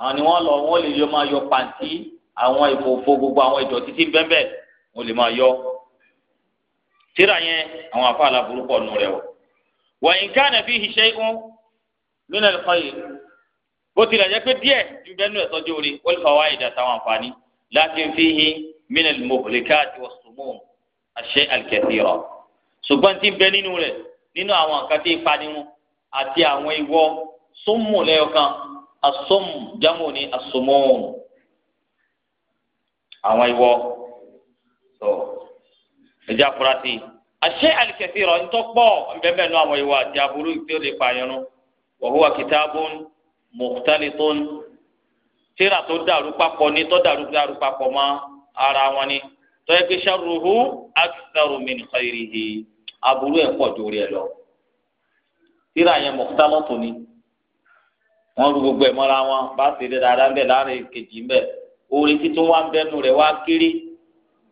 àwọn ni wọ́n lọ wọ́n lè yọ máa yọ pàǹtí àwọn ìfòfò gbogbo àwọn ìdọ̀tí tí ń bẹ́ẹ̀ bẹ́ẹ̀ wọ́n lè máa yọ tíra yẹn àwọn afáàlà burúkú ọ̀nù rẹ̀ wọ̀ wa in kana fihi shay'un min al-khayr bó tilẹ̀ jẹ́ pé díẹ̀ ń bẹ́ẹ̀ nù ẹ̀tọ́jú orí wal fawaid àtàwọn àǹfààní lakin fihi min al-muhlikat was-sumum ash-shay' al ṣùgbọ́n tí ń bẹ nínú rẹ̀ nínú àwọn nǹkan tí ìpanirun àti àwọn ìwọ sómù lẹ́yọkan asómù jámù ní asomù àwọn ìwọ tó ẹjẹ afurasí àṣẹ àlìkẹsí rọ ntọ́pọ̀ nbẹ́mbẹ́ nu àwọn ìwọ àti aburú tí ó lè pààyàn wa huwa kitabun mukhtalitun tíra tó dàrú papọ̀ ní tó dàrú dàrú papọ̀ mọ́ ara wọn ni tọ́yẹ pé sharruhu aktharu min khairihi aburú ẹ̀ pọ̀ dórí ẹ lọ. tíra yẹn mukhtalatu ni wọ́n rú gbogbo ẹ̀ mọ́ra wọn bá ti rí dáadáa ń bẹ̀ láàrin kejì ń bẹ̀ orí títún wá ń bẹ́nu rẹ̀ wá kéré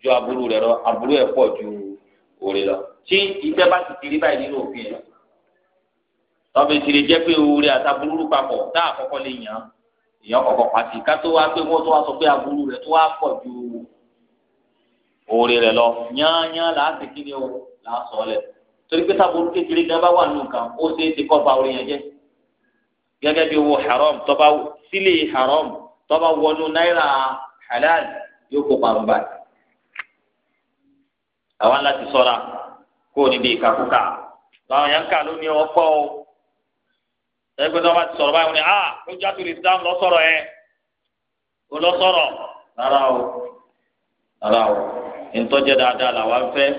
ju aburú rẹ̀ lọ aburú ẹ̀ pọ̀ ju orí lọ. ṣé ìfẹ́ bá ti ti rí báyìí nínú òfin ẹ̀ tọ́bi ti lè jẹ́ pé orí àtàbúrú papọ̀ tá àkọ́kọ́ lè yàn án èèyàn pàtì ká tó wá pé wọ́n tó wá sọ pé aburú rẹ̀ tó wá pọ̀ ju oore rẹ lọ yányán láti kí ni o láàsọ lẹ torí pé sábòrú kékeré gan bá wà nù nǹkan ó ṣeé ṣe kọ́ ba oore yẹn jẹ́ gẹ́gẹ́ bí owó haram tọ́ba sílẹ̀ haram tọ́ba wọnú náírà halal yóò kó parun báyìí àwọn láti sọ́ra kó o níbi ìkàkùkà báwọn yẹn ń kà lónìí ọ̀pọ̀ o ẹgbẹ́ tí wọ́n bá ti sọ̀rọ̀ báyìí wọ́n ní ah ó jẹ́ àtúrò Islam lọ́sọ̀rọ̀ ẹ̀ ó lọ́sọ̀rọ̀ rárá o ara o ìtọ́jẹ́ dáadáa làwa ń fẹ́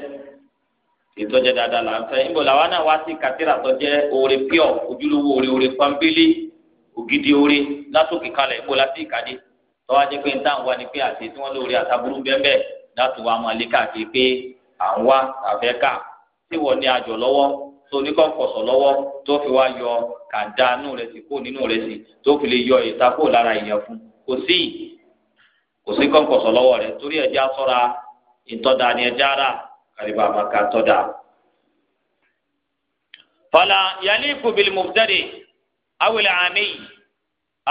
ìtọ́jẹ́ dáadáa là ń fẹ́ níbo làwa náà wá sí kàtírà tọ́jẹ́ oore pure ojúlówó oore oore pọ́nbélé ògidì oore látòkè kalẹ̀ níbo láti ìkàdé tọ́wá jẹ́ pé níta ń wá ni pé àti tí wọ́n lóore àtàbúrú bẹ́ẹ̀ láti wá máa lé káàkiri pé à ń wá àfẹ́ ká tí wọ́n ní àjọ lọ́wọ́ tó ní kọ́kọ̀sọ̀ lọ́wọ́ tó fi wá yọ kàńdá nù rẹ̀ sí kó nínú rẹ̀ sí tó fi lè yọ ìtakò lára èèyàn fún kò sí kò sí kọ́ńkọ̀sọ̀ lọ́wọ́ rẹ̀ torí ẹja sọ́ra ìtọ́da ni ẹja rà kàríbà màkà tọ́da. fọlá yàlí ìkùbìlì mùbítẹ́rì awìlẹ̀ àmì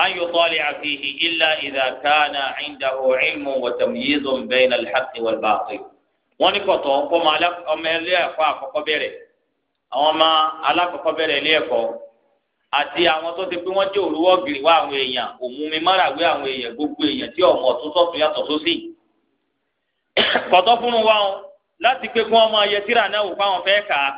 ayò tọ́lẹ̀ àfihì ilà ìdàkánà ìdàwó ìlmù wọ̀tàmìyízo bẹ́ẹ̀ nà lẹ́hàtì wọ́n bá pè. wọ́n ní kọ̀tọ̀ ọmọ ilé àkọ́kọ́ bẹ̀rẹ̀ àwọn ọmọ alákọ̀ọ́kọ́ bẹ̀rẹ̀ ilé àti àwọn tó ti pé wọ́n jẹ́ òrùwọ́ gírí wá àwọn èèyàn òmùmí máràwé àwọn èèyàn gbogbo èèyàn tí ọmọ tó sọ̀tún yàtọ̀ sósì. kọ̀tọ́ fúnnu wa wọn láti pé kí wọ́n máa yẹ tíra náà wò fáwọn fẹ́ kà á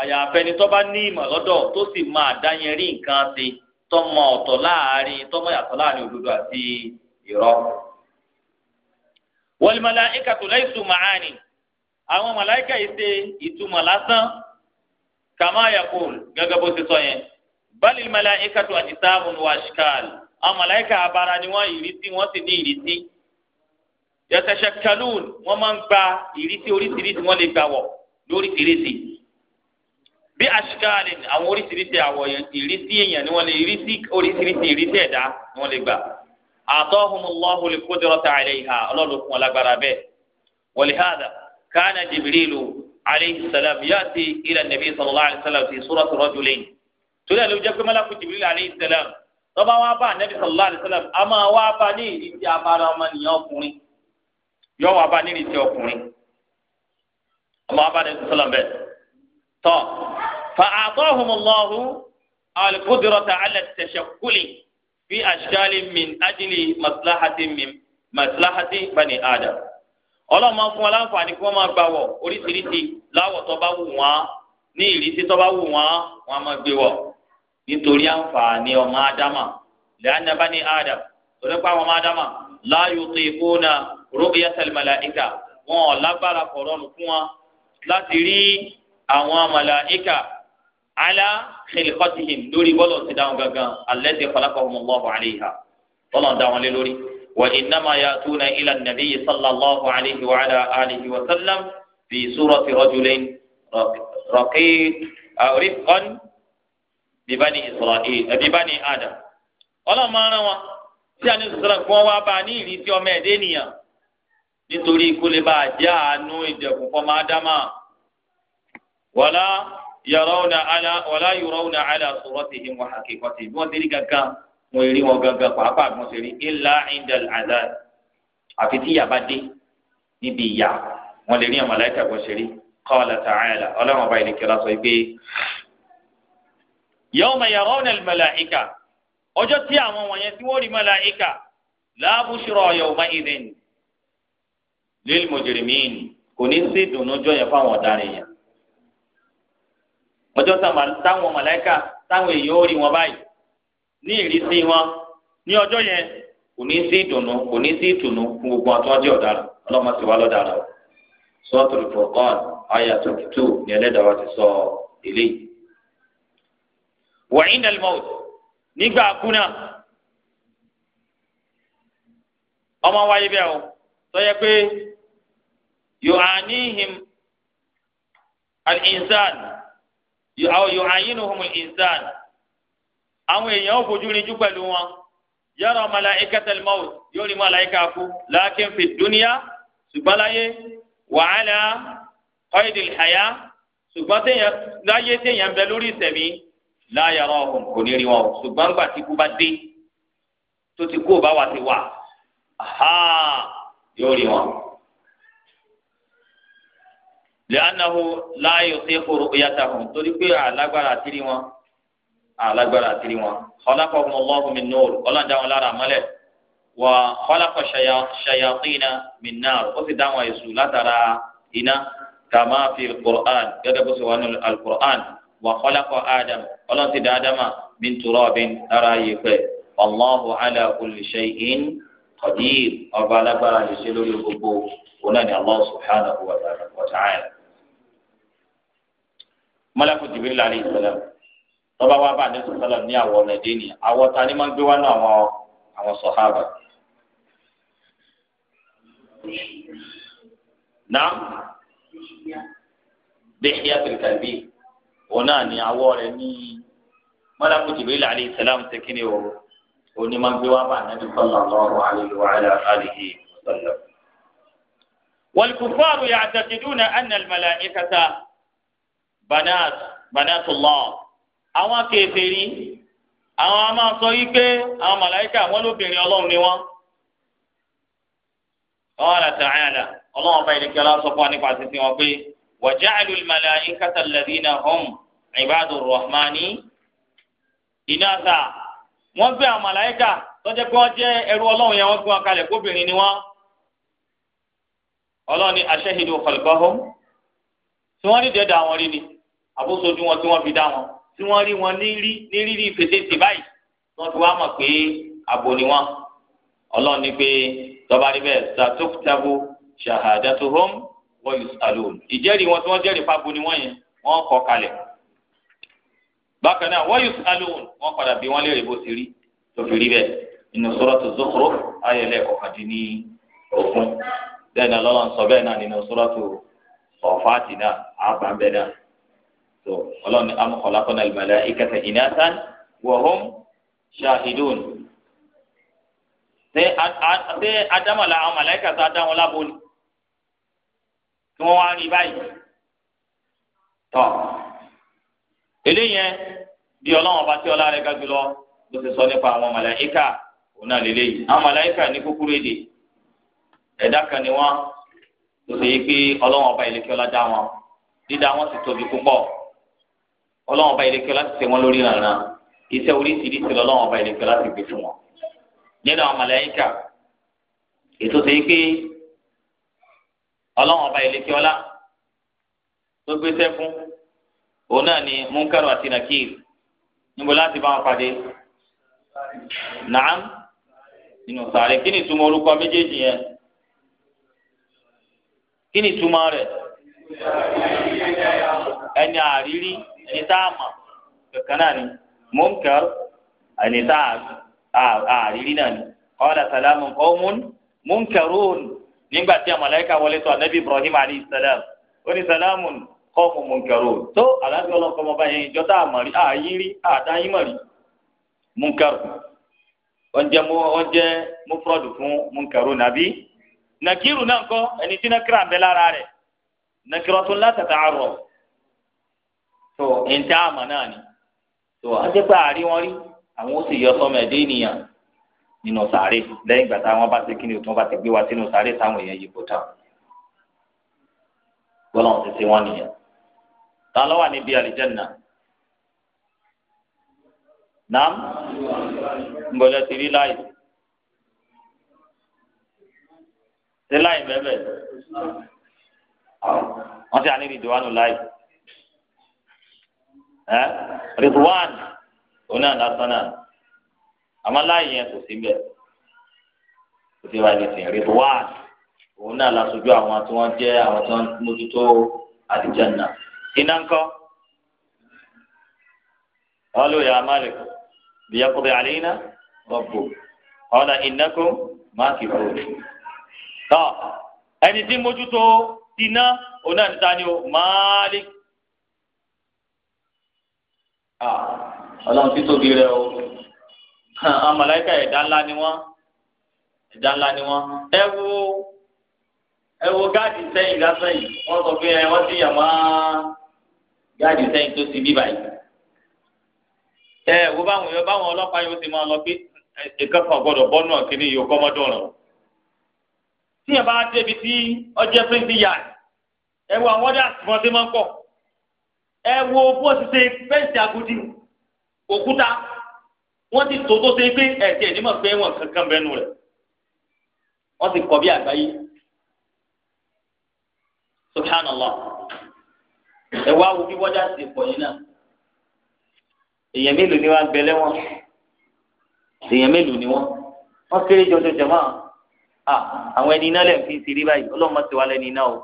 àyàfẹ́ ni tó ní ìmọ̀ lọ́dọ̀ tó sì máa dáyẹrí nǹkan ṣe tọmọ ọ̀tọ̀ láàrin tọmọ yàtọ̀ láàrin òdodo àti irọ́. wal malaikatu laysu ma'ani àwọn màláìkà yìí ṣe ìtumọ̀ lásán kàmáyà gẹ́gẹ́ bó ti sọ yẹn bali malaikatu ajisaamun wa ashkal àwọn malaika abara ni wọn ìrísí wọn sì ní ìrísí yatashakalun wọn máa ń gba ìrísí oríṣiríṣi wọn lè gbà wọ lóríṣiríṣi bí ashkal àwọn oríṣiríṣi àwọ̀ ìrísí èèyàn ni wọn lè ìrísí oríṣiríṣi ìrísí ẹ̀dá ni wọn lè gbà àtọhùnmùlọhùn lè kódìrọ tà àlẹ ìhà ọlọ́run fún alágbára bẹ́ẹ̀ wàlíhàdà kánà salam yàtì ilà nàbí sallallahu alayhi wa sallam fi súrọ̀tù rọ́jùlẹ́yìn torí ẹ̀ ló jẹ́ pé mọ́lákù Jibril alayhi salam tọ́ba wa bá anabi sallallahu alayhi salam a máa wá bá ní ìdí tí a bá ara ọmọnìyàn ọkùnrin yọ wá bá ní ìdí tí ọkùnrin ọmọ wa bá anabi sallam bẹ́ẹ̀ tọ́ fa àtọ́hùnmọ́lọ́hù alikudirata ala tẹ̀sẹ̀kúlì ọlọ́mọ fún wa láǹfààní kí wọ́n máa gbà wọ̀ oríṣiríṣi láwọ̀ tó bá wù wọ́n ní ìrísí tó bá wù wọ́n wọ́n máa gbé wọ̀ nítorí àǹfààní ọmọ ádámà lẹ́yìn bá ní ádám torí pé àwọn ọmọ ádámà láàyò tó ikú na rúbíyà tẹlifàlà ìkà wọn ò lágbára kọ̀rọ̀ nù fún wọn láti rí àwọn màláíkà ala xilqatihim lórí bọ́lọ̀ ti dáhùn gangan alẹ́ ti falakọ̀ ọmọ ọlọ́ọ̀bù àlẹ́yìí bọ́lọ̀ dáhùn lé lórí wa innama yatuna ila nabiyyi sallallahu alayhi wa ala alihi wa sallam fi surati rajulain raqib bíbáni Israel ẹ eh, bíbáni Adam ọlọ́run máa rán wọn tí àní sọ̀rọ̀ kí wọ́n wá bá a ní ìrísí ọmọ ẹ̀dẹ́ nìyàn nítorí kó lè bá a jẹ́ àánú ìdẹ̀kùn fọmọ ádámà wàlá yarawna ala wàlá yarawna ala suratihim wa haqiqatihim bí wọ́n ti rí gangan wọ́n rí wọn gangan pàápàá bí wọ́n ti rí illa indal àfi tí yàrá dé níbi ìyá wọn lè rí àwọn màláíkà kan ṣe rí qala ta'ala ọlọ́run ọba ìlẹ̀kẹ́ lásán yawma yarawna al-mala'ika ọjọ́ tí àwọn wọ̀nyẹn tí wọ́n rí màláíkà la bushra yawma idhin lil mujrimin kò ní sí ìdùnnú jọ yẹn fáwọn ọ̀daràn yẹn ọjọ́ táwọn màláíkà táwọn èèyàn ó rí wọn báyìí ní ìrísí wọn ní ọjọ́ yẹn kò ní sí ìdùnnú kò ní sí ìtùnú fún gbogbo àtúwájú ọ̀daràn ọlọ́mọ sì wá lọ́daràn o Suratul Furqan 22 ní ẹlẹ́dàá wa ti wọ̀nyí nàlmọ́t nígbà kúnà ọmọ wáyé bẹ́ẹ̀ o sọyẹ pé yòhánihim al-insan yòháninuhum al-insan àwọn èèyàn ò fojú rinjú pẹ̀lú wọn yàrá malaikata al-maut yóò rí malaika kú lakin fi dúníà ṣùgbọ́n wàhálà ọ̀ẹ́dìl hayá ṣùgbọ́n láyé téèyàn bẹ lórí ìsẹ̀mí láyàrá ọkùn kò ní rí wọn o ṣùgbọ́n gbà tí kú bá dé tó ti kú bá wà ti wà aha yóò rí wọn. lẹ́yìnáwó láàyò sí kúrò ìyàtàkùn torí pé alágbára àti rí wọn alágbára àti rí wọn khalaqahum Allahu min nur ọlọ́dà wọn lára mọ́lẹ̀ wà khalaqa shayatina min nar ó sì dá wọn látara iná kama fi gẹ́gẹ́ bó ṣe wà nínú al wa khalaqa adam ọlọ́run ti dá ádámà min turabin lára yẹ̀pẹ̀ wallahu ala kulli shay'in qadir ọba alágbára lè ṣe lórí gbogbo òun náà ni allah subhanahu wa ta'ala. malakut jibril alayhi salam tọ́ba wa bá a nẹ́sọ̀ sálọ̀ ní àwọ̀ ọ̀nàdé ni àwọ̀ ta ni máa ń gbé wá náà àwọn àwọn sọ̀hábà. naam bihiya tìrìkàlbí òun náà ní awọ rẹ ní mọlákù Jibril alayhi salam ṣe kí ni o òní máa ń gbé wá bá ànábì sallallahu alayhi wa alihi wa sallam. والكفار يعتقدون أن الملائكة بنات بنات الله àwọn kèfèrí àwọn a máa sọ yìí pé àwọn màláíkà wọn lóbìnrin Ọlọ́run ni wọn qala ta'ala Ọlọ́run ọba ìdíkẹ aláṣọ fún wa nípa títí wọn pé wa ja'alul malaikata alladhina hum ibadur rahmani ìnáta wọ́n gbé àwọn màláíkà tọ́jú pé wọ́n jẹ́ ẹrú ọlọ́run yẹn wọ́n gbé wọn kalẹ̀ kóbìnrin ni wọ́n ọlọ́run ní aṣẹ́hìndó kọ̀lùkọ́hó tí wọ́n rí dẹ́dà wọn rí ni àbósojú wọn tí wọ́n fi dá wọn tí wọ́n rí wọn ní rírí ìfètè tì báyìí wọ́n fi wá mọ̀ pé àbò ni wọ́n ọlọ́run ní pé tọ́ba rí bẹ́ẹ̀ sàtókùtàbó ṣàhàdàtúhóm wọ́n yóò sàlùm ìjẹ́rìí wọn tí wọ́n jẹ́rìí ni wọ́n yẹn wọ́n kọ kalẹ̀ bákan náà wọ́n yóò alóhùn wọ́n padà bí wọ́n léèrè bó ti rí tó fi rí bẹ́ẹ̀ nínú suratu Zukhruf ayẹlẹ ọ̀kadì ní òfin bẹ́ẹ̀ náà lọ́la ń sọ bẹ́ẹ̀ náà nínú suratu Safati náà àbá bẹ́ẹ̀ náà tó ọlọ́ni am khalaqnal malaikata inatan wa hum shahidun ṣé adámọ̀lá àwọn màláìka tó adáwọn lábọ́ ni kí wọ́n wá rí báyìí eléyẹn bí ọlọ́run ọba tí ọlá rẹ̀ ga jùlọ ló ti sọ nípa àwọn màláíkà òun náà lélẹ́yìí àwọn màláíkà ní kúkúrú èdè ẹ̀dá kan ni wọ́n tó ṣe yí pé ọlọ́run ọba ìlẹ́kẹ́ ọlá dá wọn dídá wọn sì tóbi púpọ̀ ọlọ́run ọba ìlẹ́kẹ́ ọlá ti ṣe wọn lórí rànran iṣẹ́ oríṣiríṣi lọ́lọ́run ọba ìlẹ́kẹ́ ọlá ti gbé fún wọn nínú àwọn màláíkà ètò ṣe yí pé ọlọ́run ọba ìlẹ́kẹ́ ọlá tó gbéṣẹ́ fún òun náà ni munkaru àti nakir níbo láti bá wọn pàdé naam nínú sàárè kí ni ìtumọ̀ orúkọ méjèèjì yẹn kí ni ìtumọ̀ rẹ̀ ẹni àrírí ẹni tá a mọ̀ kankan náà ni munkar ẹni tá a àrírí náà ni qala salamun qawmun munkarun nígbà tí a màláíkà wọlé tọ̀ ànábì ibrahim alayhi salam ó ní salamun kọ́ọ̀mù mùnkẹ́rù tó alábí ọlọ́kọ́ ọmọ báyẹn ìjọ tá a mọ̀ rí ààyè rí àdáyé mọ̀ rí mùnkẹ́rù ọ̀njẹ́ ọ̀njẹ́ mufrọ́dù fún mùnkẹ́rù nàbí nàkírù náà kọ́ ẹni tí nàkírà ń bẹ lára rẹ̀ nàkírọ̀ tó látàtà àrọ̀ tó ẹ̀ńtẹ́ àmọ̀ náà ni tó ọjọ́ pé àárí wọn rí àwọn ó sì yọ sọmọ ẹ̀dẹ́ ènìyàn nínú sàárè lẹ́yìn ìgbà táwọn bá ti ni nìyẹn ta ló wà níbi àlìjẹ́nà nam nbọlẹ ti rí láì ṣe láì bẹbẹ wọn ti àní Ridwan, láì ẹ rìdíwán oní àdásánà àmọ́ láì yẹn kò sí bẹ kò sí wáyé nìsín rìdíwán òun náà àwọn tí wọn jẹ àwọn tí wọn mójútó àlìjẹ́nà iná ńkọ́ ọlọ́ ya Malik bíyàkùbẹ̀ àlẹ́yìnà rọ̀bù ọ̀nà ìnákó má kì í fò. tọ́ ẹni tí mójútó iná oná níta ni o Malik. ọlọ́run tí tóbi rẹ o àwọn màláíkà ẹ̀dá ńlá ni wọ́n ẹ̀dá ńlá ni wọ́n ẹ wo ẹ wo gáàdì sẹ́yìn lásán yìí wọ́n sọ pé ẹ wọ́n ti yà máa gáàdì sẹ́yìn tó ti bí báyìí. ẹ wo báwọn yóò báwọn ọlọ́pàá yóò ti máa lọ pé ẹ̀ka kan gbọ́dọ̀ bọ́nú ọ̀kìnrin yìí kọ́mọ́dọ̀ ọ̀ràn o. tí yẹn bá débi tí ọjẹ́ píríntì yà ẹ wo àwọn ọ̀dà àtìmọ́ tí máa ń pọ̀ ẹ wo bó ti ṣe fẹ́ǹsì agodi òkúta wọ́n ti tó tó ṣe pé ẹ̀jẹ̀ ní mọ̀ pé wọn kankan bẹnu rẹ̀ wọ́n ti kọ́ bí àgbáyé subhanallah ẹ wá wo bí wọ́dà ti pọ̀ yín náà èèyàn mélòó ni wọ́n á bẹ lẹ́wọ̀n èèyàn mélòó ni wọ́n wọ́n kéré jọjọ jọmọ́ àwọn ẹni iná lẹ́nu fi ń siri báyìí ọlọ́mọ ti wá lẹ́ni iná o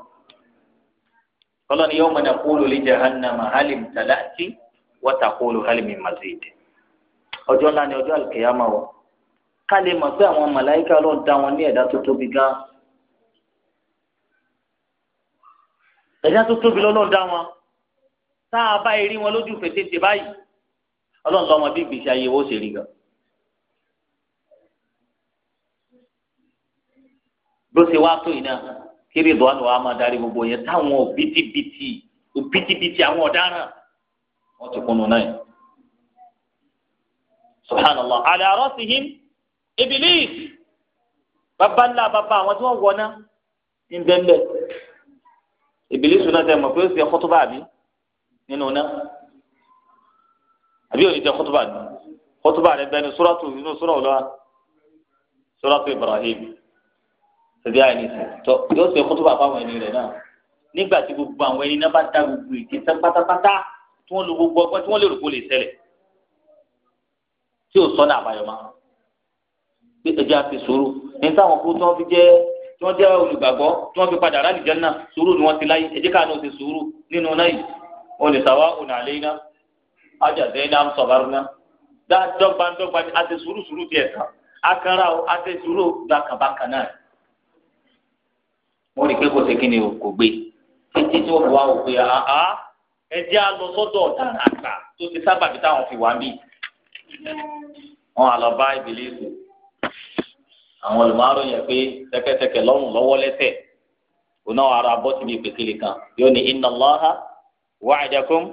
ọlọ́ni yawma naqulu li jahannama halim talati wa taqulu halim min mazid ọjọ́ ńlá ni ọjọ́ àlùkìyàmá o ká lè mọ̀ pé àwọn màláìkà ló ń dá wọn ní ẹ̀dá tó tóbi gan-an. ẹ̀dá tó tóbi lọ́lọ́run dá wọn tá a bá rí wọn lójú fètètè báyìí ọlọ́run lọ́mọ bí ìgbésí ayé wo ṣe rí gan. bó ṣe wá tó yìí náà kiri ìdùnnú wa máa darí gbogbo yẹn táwọn òbítíbitì òbítíbitì àwọn ọ̀daràn wọ́n ti kunu náà subhanallah ala rasihim ibilis baba ńlá baba àwọn tí wọ́n wọ̀ náà ń bẹ́ẹ̀ bẹ́ẹ̀. Ìbílísù náà tẹ mọ̀ pé ó sì khutuba àbí nínú náà àbí òní tẹ khutuba àbí khutuba rẹ bẹ́ẹ̀ ni suratu inú sura ọ̀lọ́wà suratu Ibrahim ṣẹbi àyìní sí tọ yóò sì khutuba fáwọn ẹni rẹ náà nígbà tí gbogbo àwọn ẹni náà bá dá gbogbo ìdíje pátápátá tí wọ́n lo gbogbo ọgbọ́n tí wọ́n lè rò kó lè ṣẹlẹ̀ tí ò sọ́nà àbáyọ máa ẹja fi sùúrù ní táwọn kú tó fi jẹ́ tí wọ́n jẹ́ olùgbàgbọ́ tí wọ́n fi padà rálì jẹ́nà sùúrù ni wọ́n ti láyé ẹ jẹ́ ká ló ti sùúrù nínú náà yìí olùsàwà ònàlẹ́yìnà ajàdẹ́yìnà sọ̀bárùnà dọ́gba dọ́gba àti sùúrù sùúrù tiẹ̀ kan akara o àti sùúrù bákàbákà náà wọ́n rí i pé kò sí kíni o kò gbé títí tí wọ́n wá o pé àá ẹ jẹ́ a lọ sọ́dọ̀ ọ̀daràn àgbà tó ti sábàbí táwọn fi wá ń bì wọ́n á lọ bá ìbílẹ̀ èso àwọn olùmọ̀ọ́rọ̀ yẹn pé tẹ́kẹ́tẹ́kẹ́ lọ́rùn lọ́wọ́ lẹ́sẹ̀ òun náà ara bọ́ síbi ìpèkìlì kan yóò ní inna Allaha wa'adakum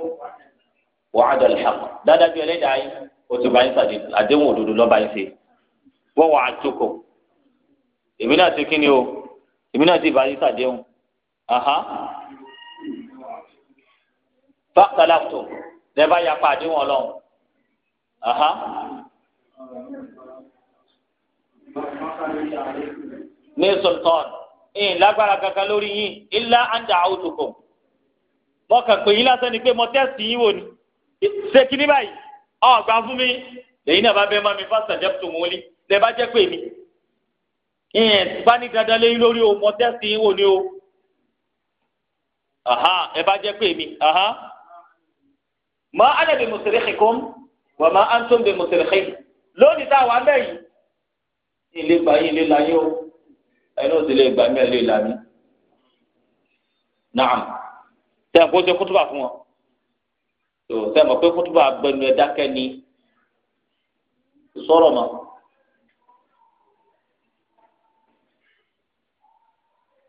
wa'ada al-haqq dáadáa ju ẹlẹ́dàá yìí o ti bá yín sàdé àdéhùn òdodo lọ́ba yín ṣe wa wa'adtukum èmi náà ti kíni o èmi náà ti bá yín sàdéhùn aha fàkàlàfùtò lẹ́ẹ̀bá yapa àdéhùn ọlọ́run aha ní sultan ìyìn lágbára kankan lórí yín ilá àǹdà àwùjọkọ mo kàn pé yín lásán ni pé mo tẹ́sì yín wò ni ṣé kí ní báyìí ọgbà fún mi lẹ́yìn náà bá bẹ́ẹ̀ má mi fásitì àjẹpùtù mú lí lẹ́ bá jẹ́ pé mi ìyìn bá ní dandan lẹ́yìn lórí o mo tẹ́sì yín wò ni o ẹ bá jẹ́ pé mi ma ana bi musrikhikum wa ma antum bi musrikhi lónìí tá a wà ń ilé gba yín ilé la yín o ẹni ò sì lè gbà mí ẹ lè là mí. naam sẹ́yìn kó ṣe kútùbà fún wọn tó sẹ́yìn mọ̀ pé kútùbà gbẹnu ẹ̀ dákẹ́ ni sọ̀rọ̀ mọ́.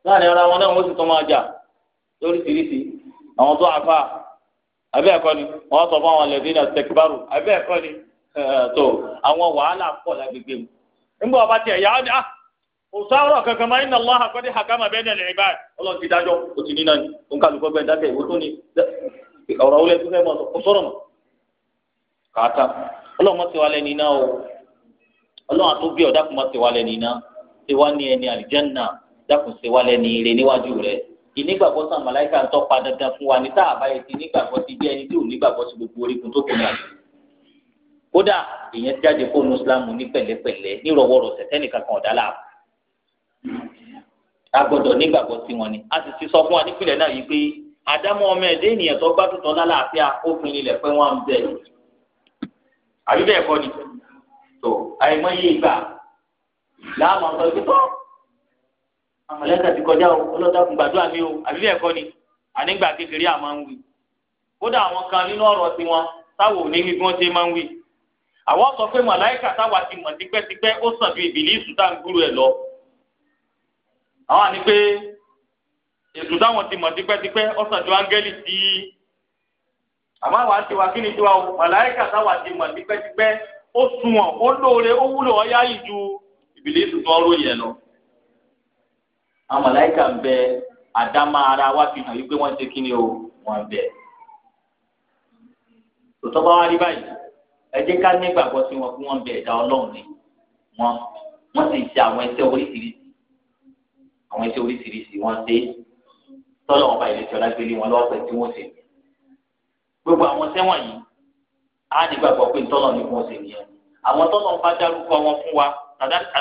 láàrin ara wọn náà wọ́n sì tún máa jà lóríṣiríṣi àwọn tó àfa àbí ẹ̀kọ́ ni wọ́n sọ fún àwọn lẹ́bí náà tẹ̀kíbárù àbí ẹ̀kọ́ ni tó àwọn wàhálà pọ̀ lágbègbè mu nígbà ọba tiẹ̀ yà á ní à òsó àrò kankan máa inna Allaha qad hakama bayna al-ibad ọlọ́run ti dájọ́ o ti ní náà ni o ń kálù kọ́ bẹ́ẹ̀ dákẹ́ ìwé tó ní ọ̀rọ̀ wọlé tó fẹ́ mọ̀ ọ́ sọ̀rọ̀ mọ̀ kàtà ọlọ́run nina. tiwa lẹ́ni náà o ọlọ́run àtúbí ọ̀dà kò mọ̀ tiwa lẹ́ni náà tiwa ní ẹni àlìjẹ́nà dákùn tiwa lẹ́ni ire níwájú rẹ̀ ìnígbàgbọ́ sàn màláìka tọ́ padà dandan fún wa ní táàbáyé ti nígbàgbọ́ ti bí ẹni tí ò nígbàgbọ́ sí gbogbo orígun tó kù náà kódà èèyàn jáde kó nu islam ní pẹ̀lẹ́pẹ̀lẹ́ nírọ̀wọ́rọ̀sẹ̀ tẹ́nìkan kan ọ̀dà láàbù agbọ́dọ̀ nígbàgbọ́ sí wọn ni a sì ti sọ fún wa nípìnlẹ̀ náà yìí pé àdámọ́ ọmọ ẹ̀dẹ́ ènìyàn tó bá tuntun lálàáfíà ó fi ilẹ̀ pé wọ́n ń bẹ̀ àbí bẹ́ẹ̀ kọ́ ni tó àìmọye ìgbà láàmú ọ̀sán ibi tó àmọ̀lẹ́kà ti kọjá o ọlọ́dà fún gbàdúrà mi o àbí bẹ́ẹ̀ kọ́ ni ànígbà kékeré àmọ́ ń wí kódà àwọn kan nínú ọ̀rọ̀ tiwọn táwọn ò ní wí bí wọ́n ti máa ń wí àwọn sọ pé màláìkà táwa ti mọ̀ tipẹ́tipẹ́ ó sàn ju ìbílísù tá à ń gbúrú ẹ̀ lọ àwọn àni pé èsù táwọn ti mọ̀ tipẹ́tipẹ́ ó sàn ju áńgẹ́lì tí àmọ́ àwa ń tiwa kí ni tiwa o màláìkà táwa ti mọ̀ tipẹ́tipẹ́ ó sunwọ̀n ó lóore ó wúlò ó yáyì ju ìbílísù tó ń ròyìn ẹ̀ lọ àwọn màláìkà ń bẹ àdámà ara wa fi hàn yí pé wọ́n ṣe kí ni o wọ́n bẹ̀ tòtọ́ bá wá rí báyìí ẹ jẹ́ ká nígbàgbọ́ sí wọn kí wọ́n bẹ ẹ̀dá ọlọ́run ni wọ́n wọ́n sì ṣe àwọn ẹsẹ̀ oríṣiríṣi àwọn ẹsẹ̀ oríṣiríṣi wọ́n ṣe tọ́lọ̀ wọn bá ilé tí ọlágbélé wọn lọ́wọ́ pẹ̀ tí wọ́n ṣe gbogbo àwọn sẹ́wọ̀n yìí á nígbàgbọ́ pé tọ́lọ̀ ni wọ́n ṣe nìyẹn àwọn tọ́lọ̀ ń bá dárúkọ wọn fún wa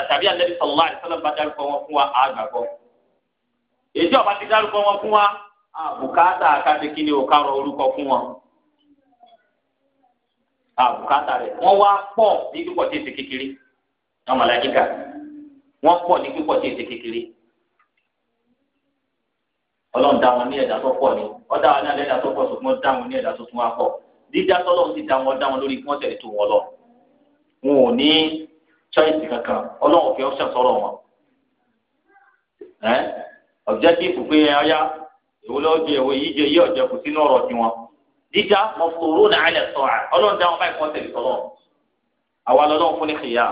tàbí àlẹ́bí sọ̀lá àìsọ́lá ń bá dárúkọ wọn fún wa á gbàgbọ́ èyí ọ̀bá ti dárúkọ wa àbùkátà àkàtẹ́kí ni ò kárọ̀ orúkọ fún àbùkátà rẹ wọ́n wá pọ̀ ní pípọ̀ tí èsì kékeré àwọn màláíkà wọ́n pọ̀ ní pípọ̀ tí èsì kékeré ọlọ́run dá wọn ní ẹ̀dá tó ni ọ̀dá wọn ní ẹ̀dá tó dá wọn ní tó tún wá dídá ti dá wọn dá wọn lórí tó wọn lọ wọn kankan fi wọn jíjà mọ̀fòrò náà alẹ́ sọ̀rọ̀ ọlọ́run dáhùn báyìí kọ́ tẹ̀lé tọ́lọ́ àwa lọ́lọ́run fún ní kìyà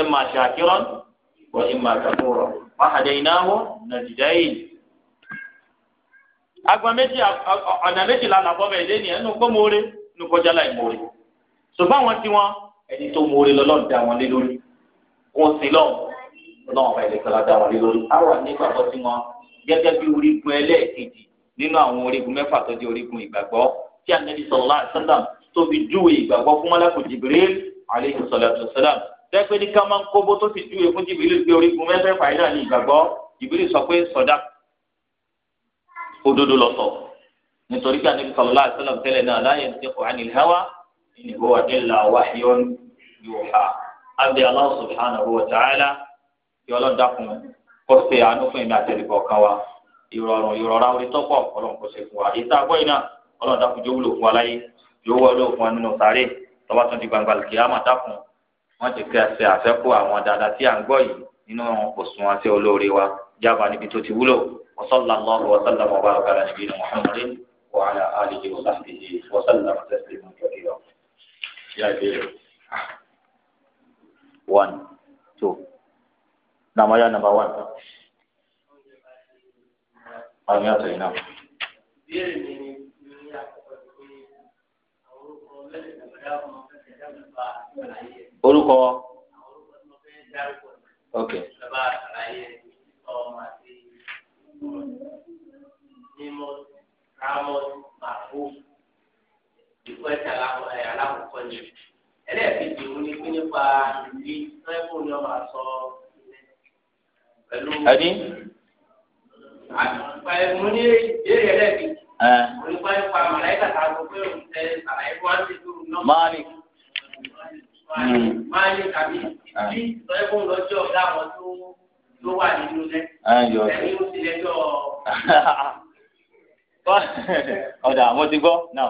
ìmà ṣàkírọ́n wọ ìmà ṣàkúrọ̀ wàhádé ìnáwó nàìjíríà yìí. agba méjì ọ̀nà méjì lànàbọ̀ bẹ̀ lé nìyẹn nínú kó moore nínú kọjá láì moore ṣùgbọ́n àwọn tí wọ́n ẹni tó moore lọ́lọ́run dá wọn lé lórí wọn sì lọ ọlọ́run bá ilé dá wọn lé lórí nínú àwọn orígun mẹ́fà tó jẹ́ orígun ìgbàgbọ́ tí anabi sallallahu alaihi wasallam tó fi júwe ìgbàgbọ́ fún mọ́lákù jibril aleyhi salatu wasalam tẹ́pẹ́ ní ká máa ń kóbó tó sì júwe fún jibril pé orígun mẹ́fẹ̀ẹ̀fà yìí náà ní ìgbàgbọ́ jibril sọ pé sọdá òdodo lọ nítorí pé anabi sallallahu alaihi wasallam tẹ́lẹ̀ náà la yantiqu anil hawa in huwa illa allah subhanahu wa ta'ala yọlọ́ dákun ìrọ̀rùn ìrọ̀ra orí tọ́pọ̀ ọlọ́run kò ṣe fún wa èyí tá a gbọ́ yìí náà ọlọ́run dákun yóò wúlò fún wa láyé yóò wúlò fún wa nínú sáré tọ́ba tó di gbangba lùkì á máa dákun wọ́n ti kẹ́ ẹsẹ̀ àfẹ́kù àwọn dáadáa tí à ń gbọ́ yìí nínú òsùn àti olóore wa jábà níbi tó ti wúlò wasalaamu wasalaamu wa baraka ala nabiyina muhammadin one two. Namaya number one àmì ọ̀tọ̀ yìí náà. ìbéèrè mi orúkọ ok. bàbá mo ní ìbéèrè ẹlẹ́gbẹ̀ẹ́. mo ní pàṣẹ pa màláìka tá a sọ pé òun tẹ sàlàyé fún wa ṣe tó rùn náà. máa ní. máa ní tàbí bí ìtọ́jú fún lọ́jọ́ láwọn tó tó wà nínú rẹ̀. Ah, ẹni ó ti lẹ́jọ́. ọ̀dà mo ti gbọ́ náà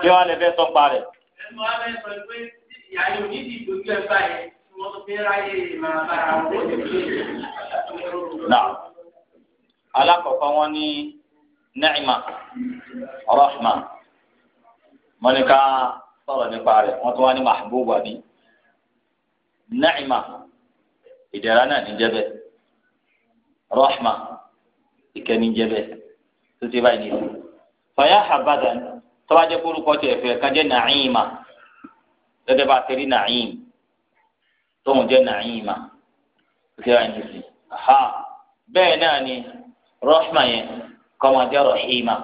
kí wọ́n lè fẹ́ sọ pa rẹ̀. ẹnu wa fẹ́ sọ pé ìyá yóò ní ìdójú ẹ̀ báyìí wọ́n tó fi ráyè máa bára wọn. Ala wọn ní Na'ima, rahma mọ́nìká sọ̀rọ̀ nípa rẹ̀ wọn tún wá ní mahbub àbí nẹ́ẹ̀mà ìdẹ̀ra náà níjẹ́bẹ̀ rahma ìkẹ́ níjẹ́bẹ̀ tó ti báyìí nìyí. fàyà àbàdà tọ́wájẹ́ kórúkọ tiẹ̀ fẹ́ kájẹ́ nàìmà gẹ́gẹ́ bá a ti rí tóun jẹ́ tó ti báyìí bẹ́ẹ̀ náà ni. rọ́ṣmà yẹn kọ́mọdé ọ̀rọ̀ ìmà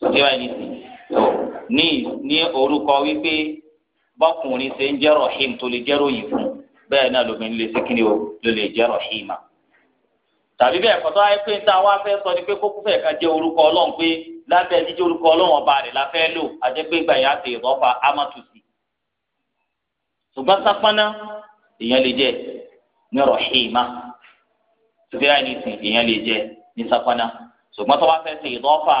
sókè wáyé ní sìn tó ní ní orúkọ wípé bọ́kùnrin ṣe ń jẹ́ rọ̀hìm tó lè jẹ́ ròyìn fún bẹ́ẹ̀ náà lóbìnrin lè ṣe kíni o ló lè jẹ́ rọ̀hìmà tàbí bẹ́ẹ̀ kọ́tọ́ ayé pé níta wá fẹ́ sọ ni pé kókó fẹ́ ká jẹ́ orúkọ ọlọ́run pé lábẹ́ jíjẹ́ orúkọ ọlọ́run ọba rẹ̀ la fẹ́ lò àti pé ìgbà yẹn á ti ìrọ́fà amátùsí ṣùgbọ́n sápáná èèyàn lè jẹ́ ní rọ̀hìmà ṣùgbọ́n àìní ìsìn èèyàn lè jẹ́ ní sápánà ṣùgbọ́n tó bá fẹ́ ṣe ìdọ́fà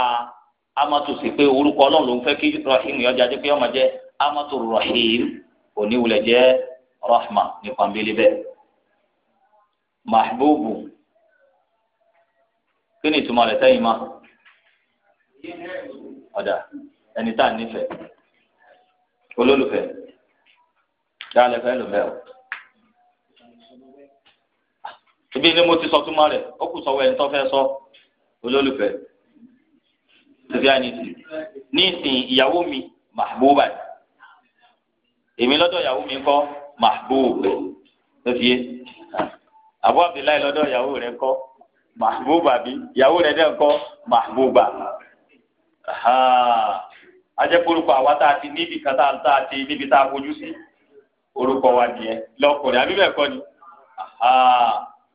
amatu sí pé orúkọ ọlọ́run ló ń fẹ́ kí rahim yọjá dé pé ọmọ jẹ́ amatu rahim òní wulẹ̀ jẹ́ rahma ní pàmbélé bẹ́ẹ̀ mahbubu kí ni ìtumọ̀ rẹ̀ sẹ́yìn máa ọ̀dà ẹni tá a nífẹ̀ẹ́ olólùfẹ́ dáa lẹ́fẹ̀ẹ́ lò o ibi ni mo ti sọ túmọ̀ rẹ̀ ó kù sọ́wọ́ ẹni tó fẹ́ sọ olólùfẹ́ tẹ̀sí àníṣe ní ìsìn ìyàwó mi mahbuba èmi lọ́dọ̀ ìyàwó mi kọ́ mahbuba tẹ̀sí yé àbú abdullahi lọ́dọ̀ ìyàwó rẹ̀ kọ́ mahbuba bí ìyàwó rẹ̀ dẹ̀ kọ́ mahbuba ajẹ́ orúkọ àwa tá a ti níbi kan tá a ti níbi tá a fojú sí orúkọ wa nìyẹn lọ́kùnrin àbí bẹ́ẹ̀ kọ́ ni.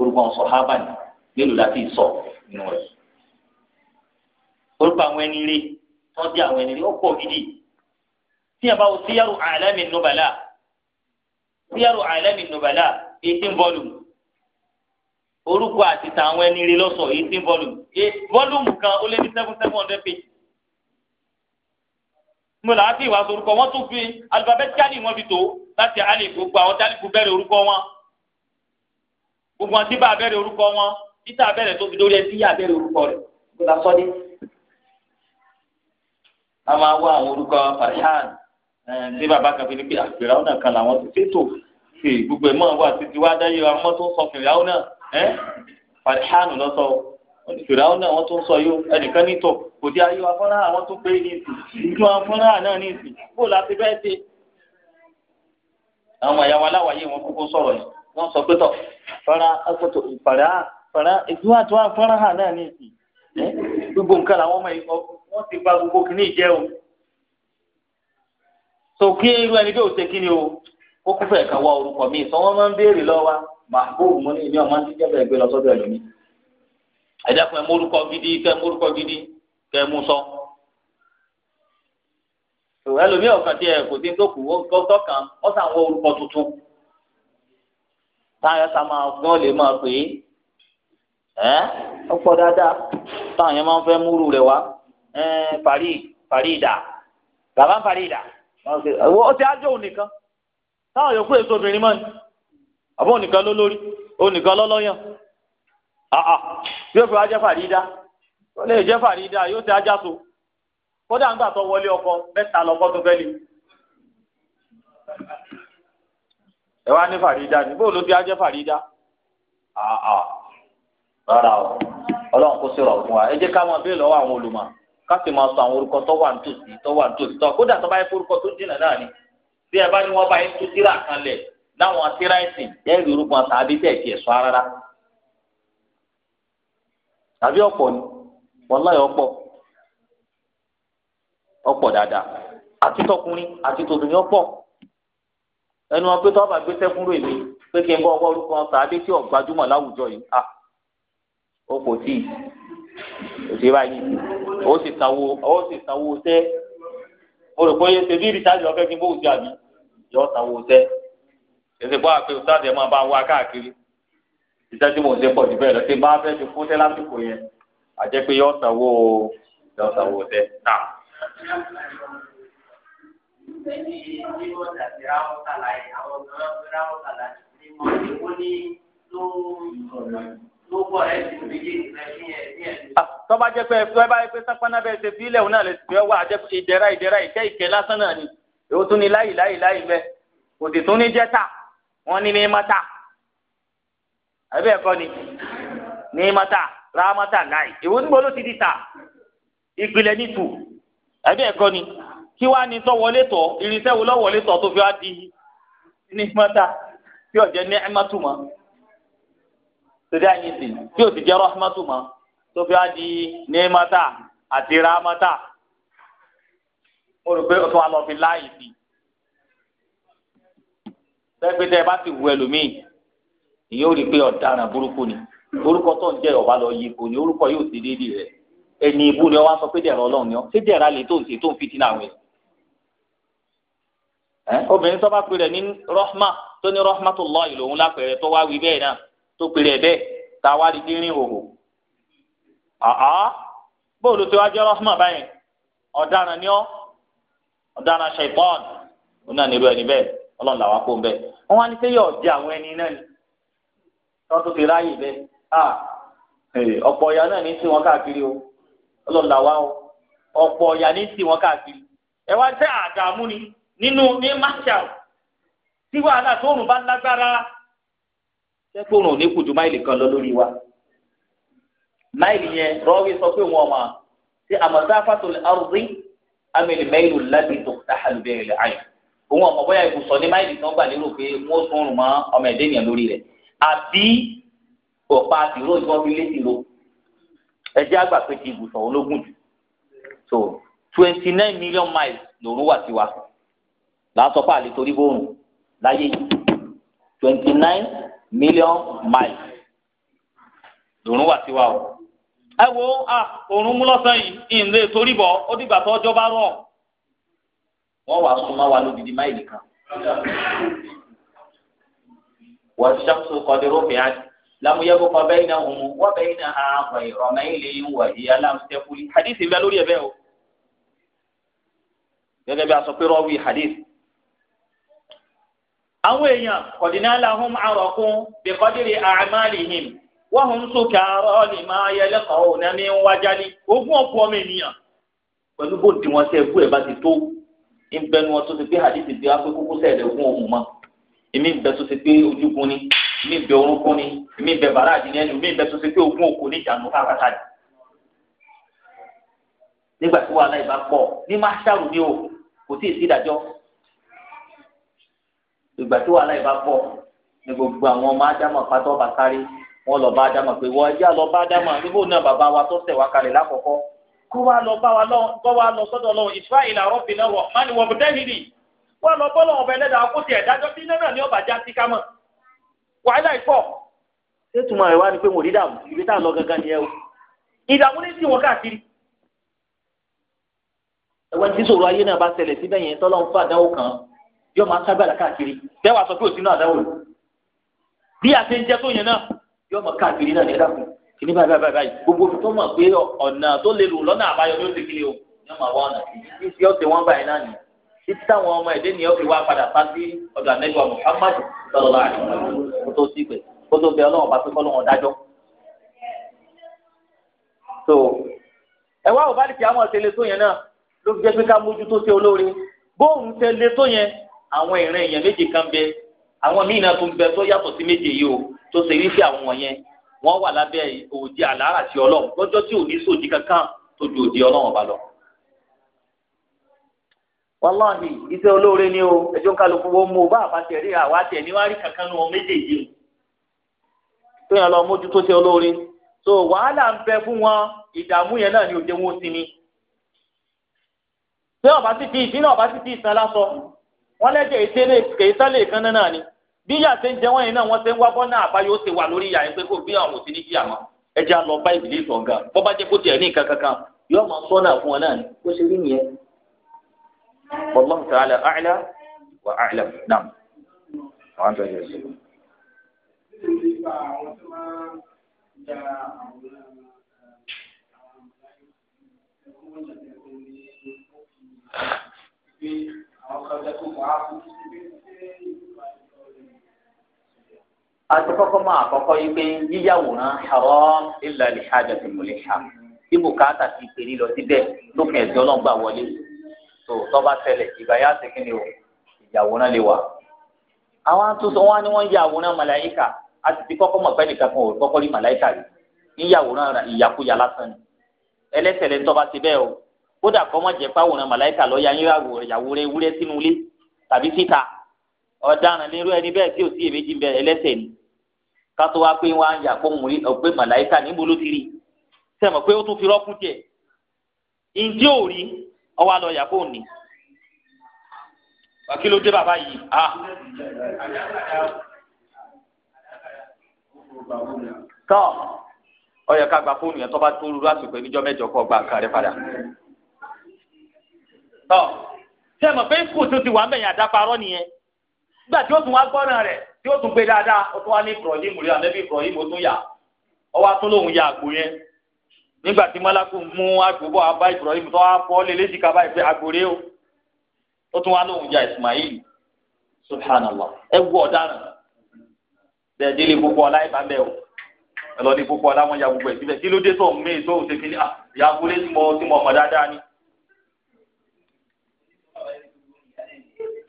orúkọ àwọn sọ̀hábà ni mélòó la ti sọ nínú rẹ̀ orúkọ àwọn ẹni rí wọ́n di àwọn ẹni rí ó pọ̀ gidi tí a bá wo síyàrú àlámì nùbàlà síyàrú àlámì nùbàlà eighteen volume orúkọ àti tàwọn ẹni rí lọ́sọ̀ eighteen volume volume kan ó lé ní seven seven hundred page mo là á fi ìwà sọ orúkọ wọn tún fi alifabẹtikali wọn fi tó láti alẹ gbogbo àwọn tí alẹ kú bẹ̀rẹ̀ orúkọ wọn gbogbo àwọn tí bá abẹ́rẹ́ orúkọ wọn títà abẹ́rẹ́ tó fi dórí ẹ sí abẹ́rẹ́ orúkọ rẹ̀ kó la sọ́dí. a máa wá àwọn orúkọ Farhan ní eh, bàbá kan fi ní pé àpèrè ah, àwọn kan làwọn ti ṣètò ṣe gbogbo ẹ̀ máa wà títí wá dáyé wa mọ́ tó ń sọ fèrè àwọn náà ẹ́ Farhan lọ́sọ̀ fèrè àwọn náà tó ń sọ yó ẹnìkan nítọ̀ kò dé ayé wa àwọn tó pé ní ìsìn ìlú àwọn wọ́n sọ pé tọ̀ fara akọ́tọ̀ ìfara fara ìdúrà tó wà fara hàn náà ní ìsìn gbogbo nǹkan làwọn ọmọ yìí wọ́n ti gba gbogbo kìíní ìjẹ́ o so kí irú ẹni bí òṣè kíni o ó kú fẹ́ẹ̀ kan wá orúkọ mi sọ wọ́n máa ń béèrè lọ́wọ́ mahbub mo ní ìní ọmọ ti jẹ́ bẹ́ẹ̀ gbé lọ sọ́dọ̀ ẹ̀lómi ẹ dákun ẹ mórúkọ gidi kẹ mórúkọ gidi kẹ mú sọ ẹlòmíì ọ̀kan tiẹ̀ kò sí tó kù ó tọ́kàn ó sàn wọ orúkọ tuntun. táyà sá máa gbọ́n lè máa pè é ẹ́ ó pọ̀ dáadáa táwọn máa ń fẹ́ múrù rẹ̀ wá parí parí ìdá bàbá ń parí ìdá ó ti ájò nìkan táwọn yòókù èso obìnrin mọ́ ni àbọ̀ nìkan ló lórí onìkan lọ́lọ́yàn àà yóò fi wá jẹ́ parí ìdá ó lè jẹ́ so kódà tó ọkọ mẹ́ta lọ́kọ́ tó ẹ wá ní fàrídà ní bóòlù bí ajẹ́ fàrídà ah, ah. rárá o ọlọ́run kò sí ọ̀rọ̀ fún wa ẹ jẹ́ ká máa béèrè lọ́wọ́ àwọn olùmọ̀ ká sì máa sọ àwọn orúkọ tó wà nítòsí tó wà nítòsí tó kódà tó bá yẹ forúkọ tó jìnnà náà ni bí ẹ bá ní wọn bá yẹ tó tíra kan lẹ̀ láwọn tíra ẹ̀sìn yẹ rí orúkọ àtàbí tẹ̀ tiẹ̀ sọ rárá tàbí ọ̀pọ̀ ni wọláyé ọ̀pọ̀ ọ̀pọ̀ dáadáa àti tọkùnrin àti tòbìnrin ọ̀pọ̀ ẹnu wọn pé tọ́ba gbé sẹ́kúnrò èmi pé kí n bọ́ ọwọ́ orúkọ sàádé tí ò gbajúmọ̀ láwùjọ yìí à ó kò tí ì òṣèré báyìí ó sì sanwó ó sì sanwó sẹ́ mo rò pé ṣèbí rìsáàjì ọ̀fẹ́ kí n bóun ti àbí yọ sanwó sẹ́ èsì bọ́ àpè òṣàdé máa bá wa káàkiri iṣẹ́ tí mo ṣe pọ̀ jù bẹ́ẹ̀ lọ sí bá fẹ́ ti fún sẹ́ lásìkò yẹn àjẹpé yọ sanwó yọ sanwó sẹ́ náà ní ní wọ́n tàbí ráwọ́ sàlàyé àwọn kan fi ráwọ́ sàlàyé ní mọ́ ní wọ́n ní tó tó bọ̀ ẹ́ ti méjèèjì rẹ̀ ní ẹ̀ ní ẹ̀ tọ́ba jẹ́ pé ẹ̀fọ́ bá yẹ pé sápáná bẹ́ẹ̀ ṣe fílẹ̀ òun náà lè fi ọwọ́ àjẹ́ ìdẹ́ra ìdẹ́ra ìkẹ́ ìkẹ́ lásán náà ni èwo tún ni láyì láyì láyì bẹ́ẹ̀ kò sì tún ní jẹ́ta wọ́n ní ní mọ́ta àbí ẹ̀kọ́ ni ní mọ́ta rámọ́ta láì èwo níbo ló ti di ta ìpìlẹ̀ ní tù àbí ẹ̀kọ́ ni kí wàá ní tọ́ wọlé tọ̀ irinṣẹ́ wo lọ́wọ́lé tọ̀ tó fi wá di ní mọ́ta tí ò jẹ́ ní ẹ̀mọ́tùmọ́ torí àyìn sí tí ò sì jẹ́ rọ́ọ̀mọ́tùmọ́ tó fi wá di ní mọ́ta àti rámọ́ta mo rò pé o tún wá lọ fi láàyè sí i sẹ́gbẹ́ tẹ́ ẹ bá ti wù ẹlòmíì ìyẹn ò rí pé ọ̀daràn burúkú ni orúkọ tó ń jẹ́ ọ̀bá lọ yí ipò ni orúkọ yóò ti déédéé rẹ̀ ẹni ibú ni wọ́n wá sọ pé dẹ̀rọ ọlọ́run ni ọ́ ṣé dẹ̀ra lè tó ń ṣe tó ń fi tínà àwọn ẹ̀ obìnrin tó bá pè rẹ̀ ní rọ́hmà tó ní rahmatullahi lòun lápẹ̀rẹ̀ tó wá wí bẹ́ẹ̀ náà tó pè rẹ̀ bẹ́ẹ̀ tá a wá di dínrín òhò àá bóòlù tí wàá jẹ́ rahma báyìí ọ̀daràn ni ọ́ ọ̀daràn ṣẹ̀pọ́n òun náà nílò ẹni bẹ́ẹ̀ ọlọ́run làwọn kó ń bẹ́ẹ̀ wọ́n wá ní pé yóò àwọn ẹni náà ni wọ́n tó fi ráàyè bẹ́ẹ̀ à ọ̀pọ̀ ọ̀yà náà ní tí káàkiri o ọlọ́run làwọn ọ̀pọ̀ ọ̀yà ní tí káàkiri ẹ wá jẹ́ àdààmú ni nínú ní marshal tí wàhálà tóòrùn bá lágbára sẹ́kùrùn ní kùdù máìlì kan lọ lórí wa máìlì yẹn rọ́ọ̀wé sọ pé wọ́n mọ̀ ṣe àmọ̀sáfàtò àrùbí amẹ́lì mẹ́lù láti tó tàhálù lẹ́ àyè òun ọmọ bóyá ibùsọ̀ ní máìlì tí wọ́n gbà lérò pé wọ́n sọ̀rùn mọ́ ọmọ ẹ̀dẹ́ ènìyàn lórí rẹ̀ àbí ọ̀pá tìró tí fi lé tìró ẹjẹ́ àgbà pé ti ibùsọ̀ ológun jù so twenty nine million miles lòún wà tiwa làásọ pé àlè torí bóun láyé twenty nine million miles lòrùn wà tiwa o ẹ wo òrùn mú lọ́sàn yìí ìǹlẹ̀ torí bọ̀ ó dìgbà tó ọjọ́ bá rọ̀ wọ́n wàá súnmọ́ wa lódìdí máìlì kan wọ́n ṣàkóso kọ́dé rọ́bì àti lamuyẹ́bù kan bẹ́ẹ̀ iná òun wọ́n bẹ́ẹ̀ iná àwọn ìrọ̀mẹ́ ilé ń wọ̀ yìí alámùtẹ́kùlì hadith ń bẹ lórí ẹ̀ bẹ́ẹ̀ o gẹ́gẹ́ bí a sọ pé rọ́ọ̀wì hadith àwọn èèyàn kọ̀dínláhùn àròkún bíkọ́dìrì àmàlìhìn wọ́n ń sùkàrọ̀ ní máa yẹlẹ́kọ̀ ọ̀nà ní wájálí ogún ọ̀pọ̀ ọmọ ènìyàn pẹ̀lú bó di wọn sẹ́ ẹ̀kú ẹ̀ bá ti tó ìbẹnu wọn tó ti pé àdìsí bí wọ́n pé kókó sẹ́ẹ̀lẹ̀ ogún ọ̀hún mọ́ èmi ìbẹ tó ti pé ojúkun ni èmi ìbẹ orúnkún ni èmi ìbẹ bàrà àdìyẹn ni èmi ìbẹ tó ti pé ogún òkú ní ìjànú pátápátá ìgbà tí wàhálà ìbá pọ̀ ní gbogbo àwọn ọmọ ádámà pátọ́ bá sáré wọn lọ bá ádámà pé wọ́n ẹjẹ́ lọ bá ádámà níbo náà bàbá wa tó tẹ̀ wá kalẹ̀ lákọ̀ọ́kọ́ kó wá lọ bá wa lọ kó wá lọ sọ́dọ̀ lọ ìsúráyìn làwọn fi náà wọ̀ má ni wọ́n bẹ tẹ́lifí wọ́n lọ bọ́ lọ́wọ́ bẹ lẹ́dàá kó tiẹ̀ dájọ́ sí iná náà ní ọ̀bà já sí kámọ̀ wàhálà ìpọ̀ sétùmọ̀ rẹ̀ wá ni pé mo rí dààmú o ìdààmú ní sí wọn káàkiri ẹ̀wọ̀n tí sòrò ayé náà yóò máa sábàlà káàkiri bẹ́ẹ̀ wàá sọ pé òsínú àdáwò rẹ̀ bí a ṣe ń jẹ́ tó yẹn náà yóò máa káàkiri náà ní ẹ̀dá fún kíní báyìí báyìí báyìí gbogbo tó mọ̀ pé ọ̀nà tó lè lò lọ́nà àbáyọ ló ti kiri o yóò máa wá ọ̀nà sí i ọ̀sẹ̀ wọn báyìí náà ni títí táwọn ọmọ ẹ̀dẹ́ ni ó fi wá padà sá sí ọ̀dọ̀ ànẹ́gbà Muhammad sallallahu alaihi wasallam kó tó sí pé kó tó bẹ ọlọ́wọ́n bá tó kọ́ lọ́wọ́n dájọ́. so ẹ wá òbá ti àwọn ìṣẹ̀lẹ̀ tó yẹn náà ló fi jẹ́ pé ká mójútó sí olóore bóun ṣe le tó yẹn àwọn ìran èèyàn méje kan bẹ àwọn míì náà tó ń bẹ tó yàtọ̀ sí méje yìí o tó ṣe wípé àwọn wọ̀nyẹn wọ́n wà lábẹ́ òdi àlàárà sí ọlọ́run lọ́jọ́ tí ò ní sòdì kankan tó ju òdi ọlọ́run ọba lọ. wàláhì iṣẹ́ olóore ni o ẹjọ́ kálukú wo mú o bá àbáṣe rí àwa tiẹ̀ níwájú kankan nu wọn méjèèjì o. tó yàn lọ mójútó ṣe olóore so wàhálà ń bẹ fún wọn ìdààmú yẹn náà ni òde wọn ó sinmi. tí ọba sì fi ìdí náà ọba sì fi ìsan lásọ wọ́n lẹ́jẹ̀ ìṣeré kèétálẹ̀ kan náà ni bí ìyá ṣe ń jẹ wọ́n yẹn náà wọ́n ṣe ń wá bọ́ náà àbáyọ ṣe wà lórí ìyá yẹn pé kó bí àwọn òsì ní jíyà mọ́ ẹ jẹ́ àlọ́ bá ìbílẹ̀ ìtàn gan bọ́ bá jẹ́ kó tiẹ̀ ní nǹkan kankan yóò máa sọ́nà fún ọ náà ni bó ṣe rí nìyẹn. Wallahu ta'ala a'la wa a'lam naam. wọ́n tọ́jú ẹ̀sìn. Thank you àwọn kan jẹ́ tó mọ̀ á kú. àti kọ́kọ́ máa kọ́kọ́ yí pé yíyàwòrán haram illa li hajati muliha tí bùkátà ti pèrè lọ síbẹ̀ lópin ẹ̀sìn ọlọ́ngbà wọlé tó tọ́ba tẹlẹ̀ ìbáyà ti kí ni o ìyàwòrán lè wà. àwọn àtúntò wọn ni wọ́n ń yàwòrán màláyíkà àti ti kọ́kọ́ mọ̀ pé nìkan kan ò kọ́kọ́ rí màláyíkà rí níyàwòrán ìyàkúyà lásán ni ti bẹ́ẹ̀ o kódà kọ́ mọ̀ jẹ́ fáwọn màláìka lọ́ọ́ ya yàwó rẹ̀ wúrẹ́ sínú ilé tàbí síta ọ̀daràn nírú ẹni bẹ́ẹ̀ tí ò sí èméjì bẹ́ẹ̀ ẹlẹ́sẹ̀ ni kátó wá pé wọ́n á yà kó mú ọgbé màláìka níbo ló ti rí sẹ́mọ̀ pé ó tún fi rọ́ọ̀kú tiẹ̀ ìdí ò rí ọwọ́ àlọ́ yà kó ní. kí ló dé bàbá yìí a. tọ́ ọ yẹ ká gba fóònù yẹn tó bá tó rú lásìkò ìníjọ́ mẹ́jọ kọ́ gba nǹkan padà. tọ́ ṣé ẹ tó ti wà ń bẹ̀yìn nìyẹn gbà tí ó tún wá gbọ́ràn rẹ̀ tí ó tún gbé dáadáa ó tún wá ní Ibrahim rí ó tún ọ wá tún ya àgbò yẹn nígbà tí mọ́lákù mú àgbò abá Ibrahim tó wá fọ́ lé léjìká báyìí pé o ó tún wá ya Ismail subhanallah ẹ wú ọ̀daràn bẹ́ẹ̀ délé ọlá ìbá ya gbogbo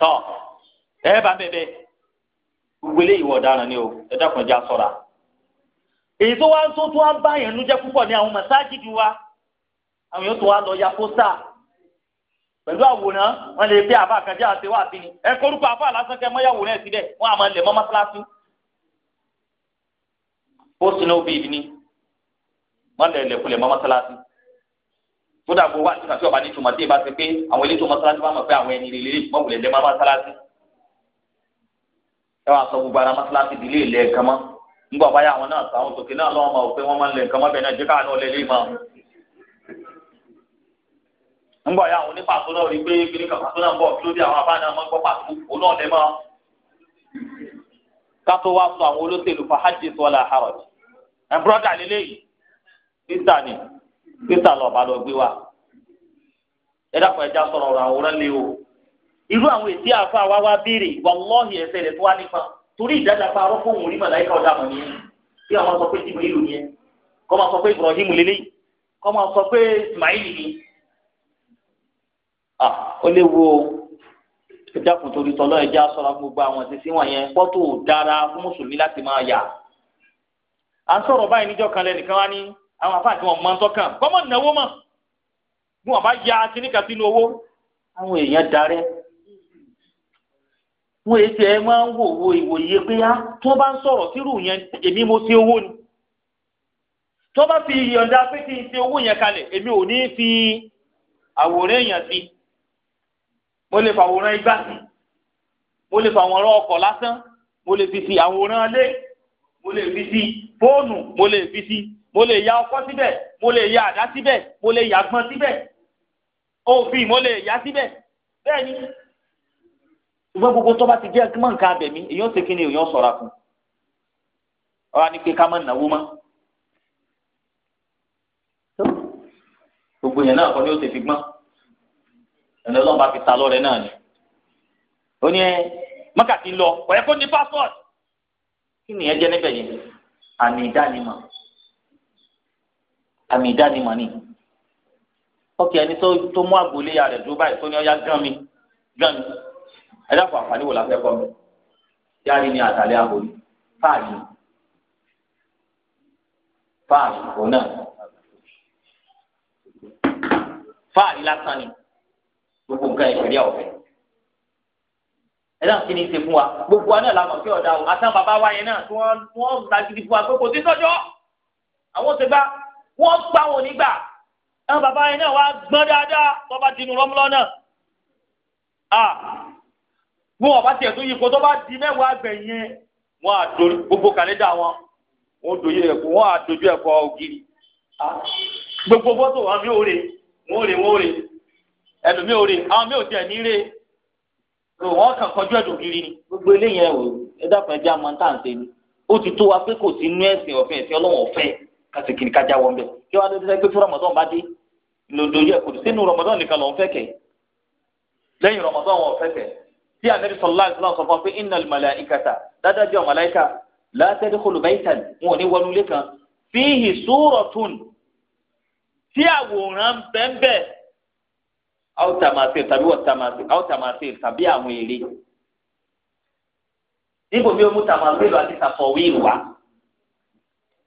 tọ́ ẹ bá bẹ̀bẹ̀ gbogbo eléyìí wọ̀ ọ̀daràn ni o ẹ dákun ẹja sọ̀ra èyí tó wá ń tó tó wá ń bá yẹn nu jẹ́ púpọ̀ ní àwọn màsáàjìdì wa àwọn yóò tó wá lọ ya pósítà pẹ̀lú àwòrán wọn lè bí àbá àkàndé àti wá àti ni ẹ kórúkọ àbá lásán kẹ mọ́yàwó rẹ̀ síbẹ̀ wọ́n àmọ́ lẹ̀ mọ́ mọ́sálásí pósítì náà ó bí ibi ni wọ́n lẹ̀ lẹ̀kùn lẹ̀ mọ́ kódà gbogbo wa sígbà tí ọba ní ìtumọ̀ tí ìbá ti pé àwọn elétò mọ́sálásí wà mọ̀ pé àwọn ẹni rèé lélẹ́ ṣùgbọ́n wòlé lẹ́mọ́ mọ́sálásí. ẹ wàá sọ gbogbo ara mọ́sálásí di ilé ilẹ̀ ẹ̀kan mọ́ nígbà báyà àwọn náà sàwọn tòkè náà lọ́wọ́ máa pé wọ́n máa ń lẹ̀ ẹ̀kan mọ́ bẹ́ẹ̀ jẹ́ káà náà lẹ̀ lé nígbà yà àwọn onípàtó náà rí pé kíní kàpàtó náà ń pétà lọ bá lọ gbé wa ẹ dàpọ̀ ẹja sọ̀rọ̀ ọ̀rọ̀ àwòrán lé o irú àwọn èsì àfa wa wá béèrè wàlọ́ọ̀hì ẹsẹ̀ rẹ̀ tó wá nípa torí ìdájà pa arọ́ fóun orí màláìka ọ̀dà mọ̀ nìyẹn bí àwọn sọ pé Jibrilu nìyẹn kọ́ máa sọ pé Ibrahim lélẹ́yìí kọ́ máa sọ pé Ismail ni ó léwu o ẹja kò torí tọ́lọ́ ẹja sọ̀rọ̀ gbogbo àwọn ìṣesí wọ̀nyẹn pọ́tò dára fún mùsùlùmí láti máa yà à ń sọ̀rọ̀ báyìí níjọ́ kan lẹ́nìkan wá ní àwọn afáà tí wọ́n mọ tọ́kàn kọ́mọ náwó mọ̀ bí wọ́n bá ya kíníkà sínú owó àwọn èèyàn darẹ́ wọn èyí tẹ ẹ máa ń wò wo ìwòye pé á ah, tí wọ́n bá ń sọ̀rọ̀ sírù yẹn èmi mo ṣe owó ni tí wọ́n bá fi yọ̀ǹda pé kí n ṣe owó yẹn kalẹ̀ èmi ò ní fi àwòrán èèyàn sí mo lè fa àwòrán igbá sí mo lè fa àwòrán ọkọ̀ lásán mo lè fi sí àwòrán ilé mo lè fi sí fóònù mo lè fi sí mo lè ya ọkọ́ síbẹ̀ mo lè ya àdá síbẹ̀ mo lè ya gbọ́n síbẹ̀ òfin mo lè ya síbẹ̀ bẹ́ẹ̀ ni ṣùgbọ́n gbogbo tó bá ti jẹ́ mọ̀ nǹkan abẹ̀mí èyàn ṣe kí ni èyàn sọ̀ra fún ọ̀rá ni pé ká má nàwó mọ́ gbogbo yẹn náà kọ́ ni ó ti fi gbọ́n ẹ̀nà ọlọ́run bá fi ta lọ́rẹ̀ náà ni ó ní ẹ mọ́kàtí lọ ọ̀yẹ́ kó ní passport kí nìyẹn jẹ́ níbẹ̀ yẹn àmì ìdánimọ̀ àmì ìdánimọ̀ ni ọkẹ ẹni tó tó mú agboolé ya rẹ dúró báyìí tó ní ọyá gán mi gán mi ẹ dàpọ̀ àǹfààní wò láfẹ́ kọ́ mi yáàrí ni àtàlẹ́ àbòrí fáàyè fáàyè òun náà fáàyè lásán ni gbogbo nǹkan ìṣẹ̀lẹ̀ ọ̀fẹ́ ẹ náà kí ni ṣe fún wa gbogbo wa náà la mọ̀ sí ọ̀dà o àtàwọn bàbá wa yẹn náà tí wọ́n ń ta gidi fún wa pé kò sí sọ́jọ́ àwọn ti gbá wọ́n gbá wọn nígbà ẹn bàbá yẹn náà wá gbọ́n dáadáa tó bá di inú rọ́múlọ́ náà wọn ọba tiẹ̀ tó yí kó tó bá di mẹ́wàá gbẹ̀yìn wọn àdó gbogbo kàlẹ́dà wọn wọn dojú ẹ̀kọ́ wọn àdójú ẹ̀kọ́ ògiri gbogbo fọ́tò wọn mi ò rè wọn ò rè wọn ò rè ẹlòmí ò rè àwọn mi ò tiẹ̀ ní rè wọn kàn kọjú ẹ̀dùn kiri ni gbogbo eléyìí ẹ̀ wò ẹ dákun ẹ jẹ́ àmọ́ tá à ń ṣe ó ti tó wa pé kò sí inú ẹ̀sìn ọ̀fẹ́ ẹ̀sìn ọlọ́wọ̀n ọ̀fẹ́ kásì kìnnì kájà wọn bẹ kí wọn adé pé fún rọmọdán bá dé lòdò yẹ kò sínú rọmọdán nìkan lọ ń fẹ́ kẹ lẹ́yìn rọmọdán wọn fẹ́ kẹ tí anabi sọlá ìsọlá sọ fún pé innal malaikata dáadáa jẹ ọmọláìka la tadkhulu baytan wọn ò ní wọnú ilé kan fihi suratun tí àwòrán bẹ́ẹ̀ àwòtàmàṣe tàbí wọ̀tàmàṣe àwòtàmàṣe tàbí àwọn èrè níbo mi ò mú tàmàṣe lọ àti tàfọ̀wé ìwà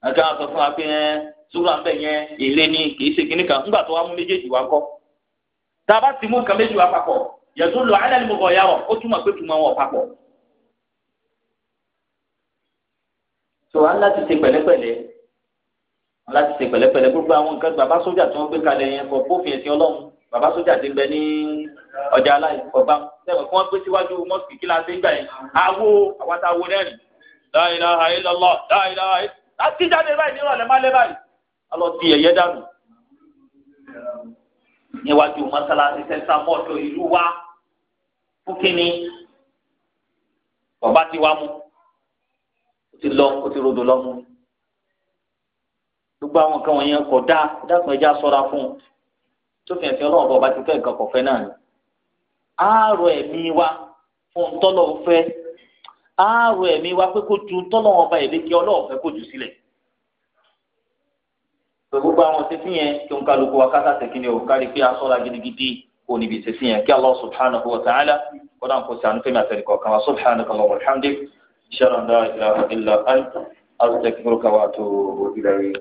àti àwọn sọ fún wa pé ẹ sùúrà bẹ yẹn èlé ni kì í ṣe kíní kan ńgbà tó wá mú méjèèjì wá kọ tá a bá ti mú nǹkan méjì wá papọ̀ yẹtù lọ alẹ́ ni mo ya wọ̀ ó túmọ̀ pé túmọ̀ wọn papọ̀. tó wá láti ṣe pẹ̀lẹ́pẹ̀lẹ́ láti ṣe pẹ̀lẹ́pẹ̀lẹ́ gbogbo àwọn nǹkan bàbá sójà tí wọ́n gbé kalẹ̀ yẹn kọ bófin ẹ̀sìn ọlọ́run bàbá sójà ti ń bẹ ní ọjà aláìkọgbà sẹ́wọ̀n kí wọ́n gbé síwájú mọ́sìkì kí la ṣe ń gbà yẹn àwo àwọn tá a wo rẹ́rìn la ilaha illallah la ilaha láti jáde báyìí nírọ̀lẹ́ má lé báyìí a lọ di ẹ̀yẹ́ dànù. níwájú mọ́sálásí sẹ́ńtà mọ́tò ìlú wa fúkínní bàbá ti wá mú ó ti lọ ó ti rodò lọ́mú gbogbo àwọn kan wọ̀nyẹn kò dáa dákun ẹja ṣọ́ra fún un tó fi ẹ̀sìn ọlọ́run bọ̀ bá ti fẹ́ nǹkan kọ̀ọ̀fẹ́ náà ni. àárọ̀ ẹ̀mí wa fún tọ́lọ̀ fẹ́ àárọ̀ ẹ̀mí wa pé kó ju tọ́lọ́wọ́n ọba ìdíkì ọlọ́ọ̀fẹ́ kó jù sílẹ̀ gbogbo àwọn sẹ́sìn yẹn kí n kálukú wa kásá sẹ́kìn ni o kárí pé asọ́ra gidigidi kò níbi sẹ́sìn yẹn kí Allah subhanahu wa ta'ala kó dáhùn kó sí àánú fẹ́mi àtẹ̀lẹ́ kọ̀ọ̀kan wa subhanahu wa ta'ala alhamdulilayi ṣẹlẹ̀ ndá ìlà ìlà ẹ̀ aztec burúkú wa tó ìlà yìí.